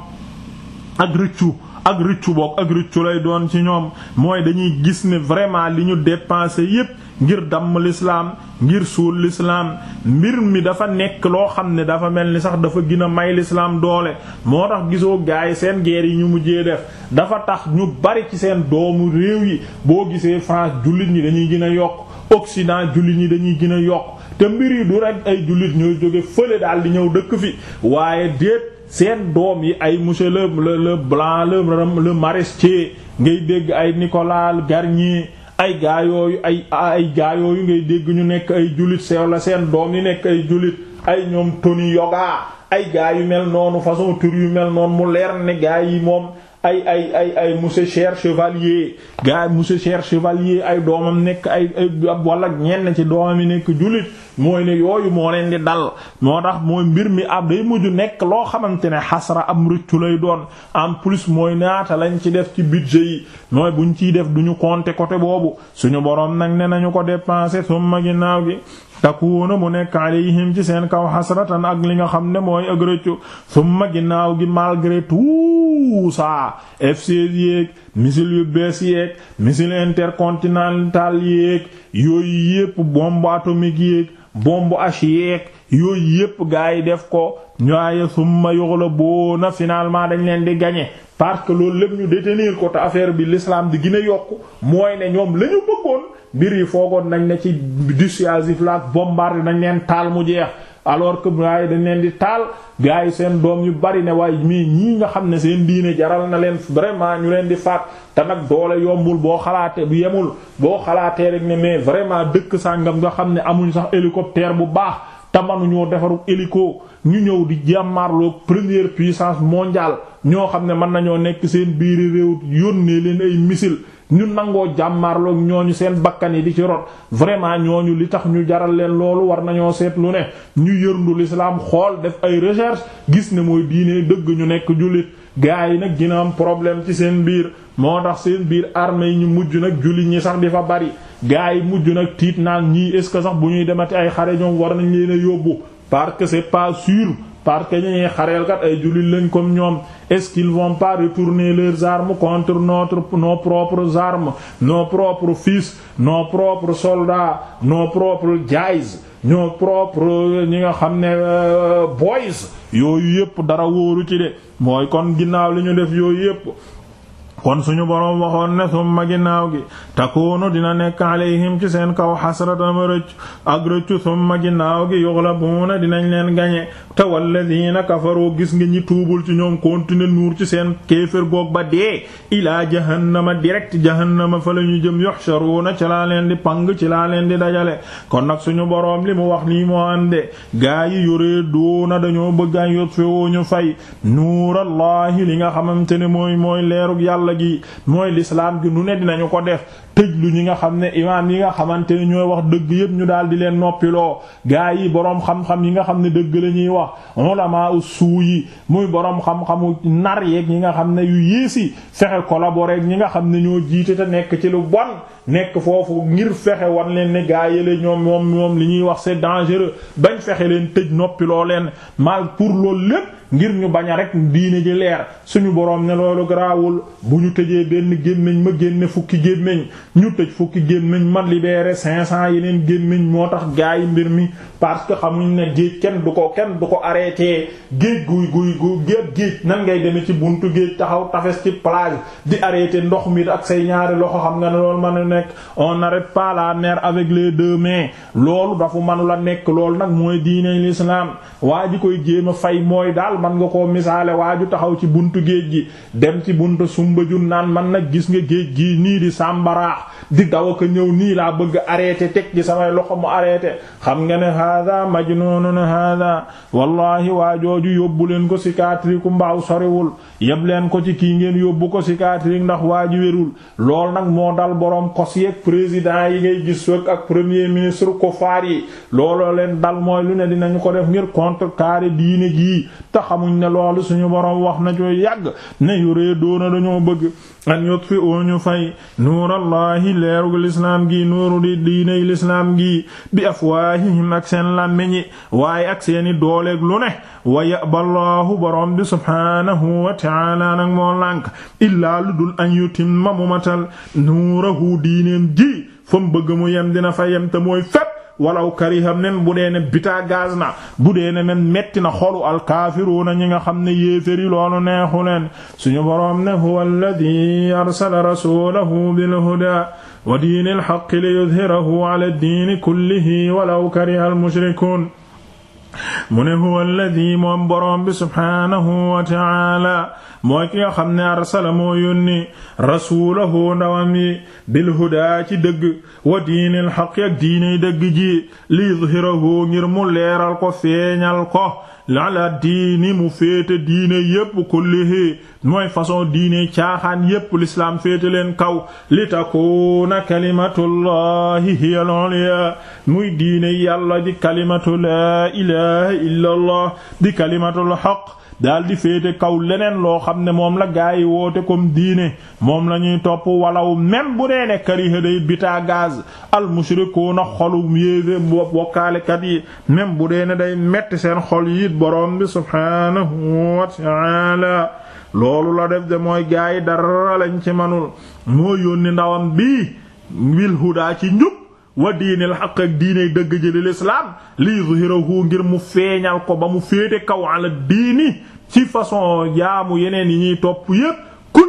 ak rëccu ak rëccu boog ak rëccu lay doon ci ñoom mooy dañuy gis ni vraiment li ñu dépensé yépp ngir damm lislaam ngir suul lislaam mbir mi dafa nekk loo xam ne dafa mel ni sax dafa gën a may lislaam doole moo tax gisoo gaay seen guerre yi ñu mujjee def dafa tax ñu bari ci seen doomu réew yi boo gisee France jullit ñi dañuy gën a yokk Occident jullit ñi dañuy gën a yokk te mbir yi du rek ay jullit ñooy jóge fële daal di ñëw dëkk fi waaye déet seen doom yi ay monsieur le le blanc le le maraîcher ngay dégg ay Nicolas Garnier ay gaa yooyu ay ay gaa yooyu ngay dégg ñu nekk ay jullit seew la seen doom yi nekk ay jullit ay ñoom toni yoga ay gaa yu mel noonu façon tur yu mel noonu mu leer ne gaa yi moom ay ay ay ay monsieur cher chevalier gars yi monsieur cher chevalier ay doomam nekk ay ay wala ñenn ci doomam yi nekk jullit mooy ne yooyu moo leen di dal moo tax mooy mbir mi ab day mujj nekk loo xamante ne xasra am rëccu lay doon en plus mooy naata lañ ci def ci budget yi mooy buñ ciy def duñu compter côté boobu suñu boroom nag ne nañu ko dépenser summa ginnaaw gi takuuna mu nekk alayhim ci seen kaw xasratan ak li nga xam ne mooy ak rëccu summa ginnaaw gi malgré tout ça F-16 yéeg missile yu bees yeeg missile intercontinental yéeg yooyu yépp bombe atomique yéeg bombe H yeeg yooyu yépp gaa yi def ko ñaaye summa yughlabuuna finalement dañ leen di gagner parce que loolu lépp ñu détenir ko te affaire bi l'islam di gën yokk mooy ne ñoom lañu bëggoon mbir yi foogoon nañ ne ci dissuasif la ak bombarde nañ leen taal mu jeex alors que gars yi dañ leen di taal gars yi seen doom yu bari ne waaye mais ñii nga xam ne seen diine jaral na leen vraiment ñu leen di faat te nag doole yombul boo xalaatee bu yemul boo xalaatee rek ne mais vraiment dëkk sàngam nga xam ne amuñ sax hélicoptère bu baax te manuñoo defaru hélico ñu ñëw di jàmmarloo première puissance mondiale ñoo xam ne mën nañoo nekk seen biir réew yónnee leen ay missile ñu nangoo jàmmaarloog ñooñu seen bakkan yi di ci rot vraiment ñooñu li tax ñu jaral leen loolu war nañoo seet lu ne ñu yërndu lislaam xool def ay recherche gis ne mooy diine dëgg ñu nekk jullit gaa yi nag dina am problème ci seen biir moo tax seen biir armée yi ñu mujj nag jullit ñi sax di fa bari gaa yi mujj nag tiit naan ñii est-ce que sax bu ñuy demati ay xare ñoom war nañ leen yóbbu parce que c'est pas sûr parce que ñuy xareelkat ay jullit lañ comme ñoom est-ce qu'ils vont pas retourner leurs armes contre notre nos propres armes nos propres fils nos propres soldats nos propres guys nos propres ñi nga xam ne euh, boys yooyu yépp dara wóoru ci de mooy kon ginnaaw li ñu def yooyu yépp kon suñu boroom waxoon ne summa ginnaaw gi takuunu dina nekk alayhim ci seen kaw xasratam rëcc ak rëccu summa ginnaaw gi yughlabuuna dinañ leen gañe te walladiina kafaru gis nga ñi tuubul ci ñoom continuer nuur ci seen kéefër goog ba dee ilaa jahannama direct jahannama fa la ñu jëm yuhsharuuna ci laa leen di pang ci laa leen di dajale kon nag suñu boroom li mu wax lii moo am de gaa yi yore doona dañoo bëgg an yutfiwu ñu fay nuurallaahi li yàlla gi mooy lislaam gi nu ne ñu ko def tëj lu ñi nga xam ne imaam yi nga xamante ne ñooy wax dëgg yëpp ñu daal di leen noppiloo gaa yi boroom xam-xam yi nga xam ne dëgg la ñuy wax ulama usuu yi muy boroom xam-xamu nar yeeg ñi nga xam ne yu yéesi fexe collaborer ñi nga xam ne ñoo jiite te nekk ci lu bon nekk foofu ngir fexe wan leen ne gaa yi la ñoom moom moom li ñuy wax c'est dangereux bañ fexe leen tëj noppiloo leen mal pour loolu lépp ngir ñu bañ a rek diine ji leer suñu boroom ne loolu garaawul bu ñu tëjee génn gémmiñ ma génne fukki gémmiñ ñu tëj fukki gémmiñ ma libéré cinq cent yeneen gémmiñ moo tax gaa yi mbir mi parce que xamuñ ne géej kenn du ko kenn du ko arrêté géej guy guy guy géej géej nan ngay demee ci buntu géej taxaw tafes ci plage di arrêté ndox mi ak say ñaari loxo xam nga ne loolu mën a nekk on n'arrête pas la mer avec les deux mains loolu dafa mënula nekk loolu nag mooy diine l'islam waa koy jéem a fay mooy daal misaal man nga koo misaale waaju taxaw ci buntu géej gi dem ci buntu sumba jun naan man nag gis nga géej gii nii di sàmbaraax di daw ak ñëw nii laa bëgg arrêté teg ci samay loxo mu arrêté xam nga ne hada majnunun hada wallahi waajooju yóbbu leen ko psychiatrie ku mbaaw sorewul yeb leen ko ci kii ngeen yóbbu ko psychiatrie ndax waaji wérul lool nag moo dal boroom kos yeeg président yi ngay gis wëg ak premier ministre ko faar yi looloo leen dal mooy lu ne ko def ngir contrecarrer xamuñ ne loolu suñu boroom wax na cooy yàgg ne yuree doona dañoo bëgg an yutfi oo fay nuurallahi leeru lislaam gi nuuru di diiney lislaam gi bi afwaahihim ak seen làmmiñ yi waaye ak seeni dooleeg lu ne wa yaballahu boroom bi subhaanahu wa ta'ala nag moo lànk illaa lu dul an yutimma mu matal nuurahu diineem ji fa mu bëgg mu yem dina fa mooy fépp walaw kariha même bu dee ne bita gaz na bu dee ne même metti na xolu alkaafiruuna ñi nga xam ne yéeféri loolu neexu leen suñu boroom ne huwa alladhi arsala rasulahu bil huda wa diinil haqqi liyudhhirahu ala ad-diini kullihi walaw kariha al mushrikuun mu ne huwa alladi moom boroom bi subhaanahu wa taala mooy ki nga xam ne arsala moo yónni rasuulahu ndawam yi bilhudaa ci dëgg wa diinil xaq ak diiney dëgg ji liyudhirahu ngir mu leeral ko feeñal ko ala diini mu féete diine yépp kullihi mooy façon diine caaxaan yépp l'islam féete leen kaw li takuuna kalimatullahi hiya al-ulya muy diine yàlla di kalimatu laa di kalimatul haqq daal di féete kaw leneen loo xam ne moom la gaa yi woote comme diine moom la ñuy topp walaw même bu dee ne kariha day bitaa gaz al mushrikuuna xolum yéese bopp bokkaalekat yi même bu dee ne day metti seen xol yi borom bi subhaanahu wa loolu la def de mooy gaa yi dara lañ ci manul moo yónni ndawam bii wil ci njub wa diinil xaq ak diiney dëgg jëli lislaam li zuhirahu ngir mu feeñal ko ba mu féete kaw ala diini ci façon jaamu yeneen yi ñuy topp yépp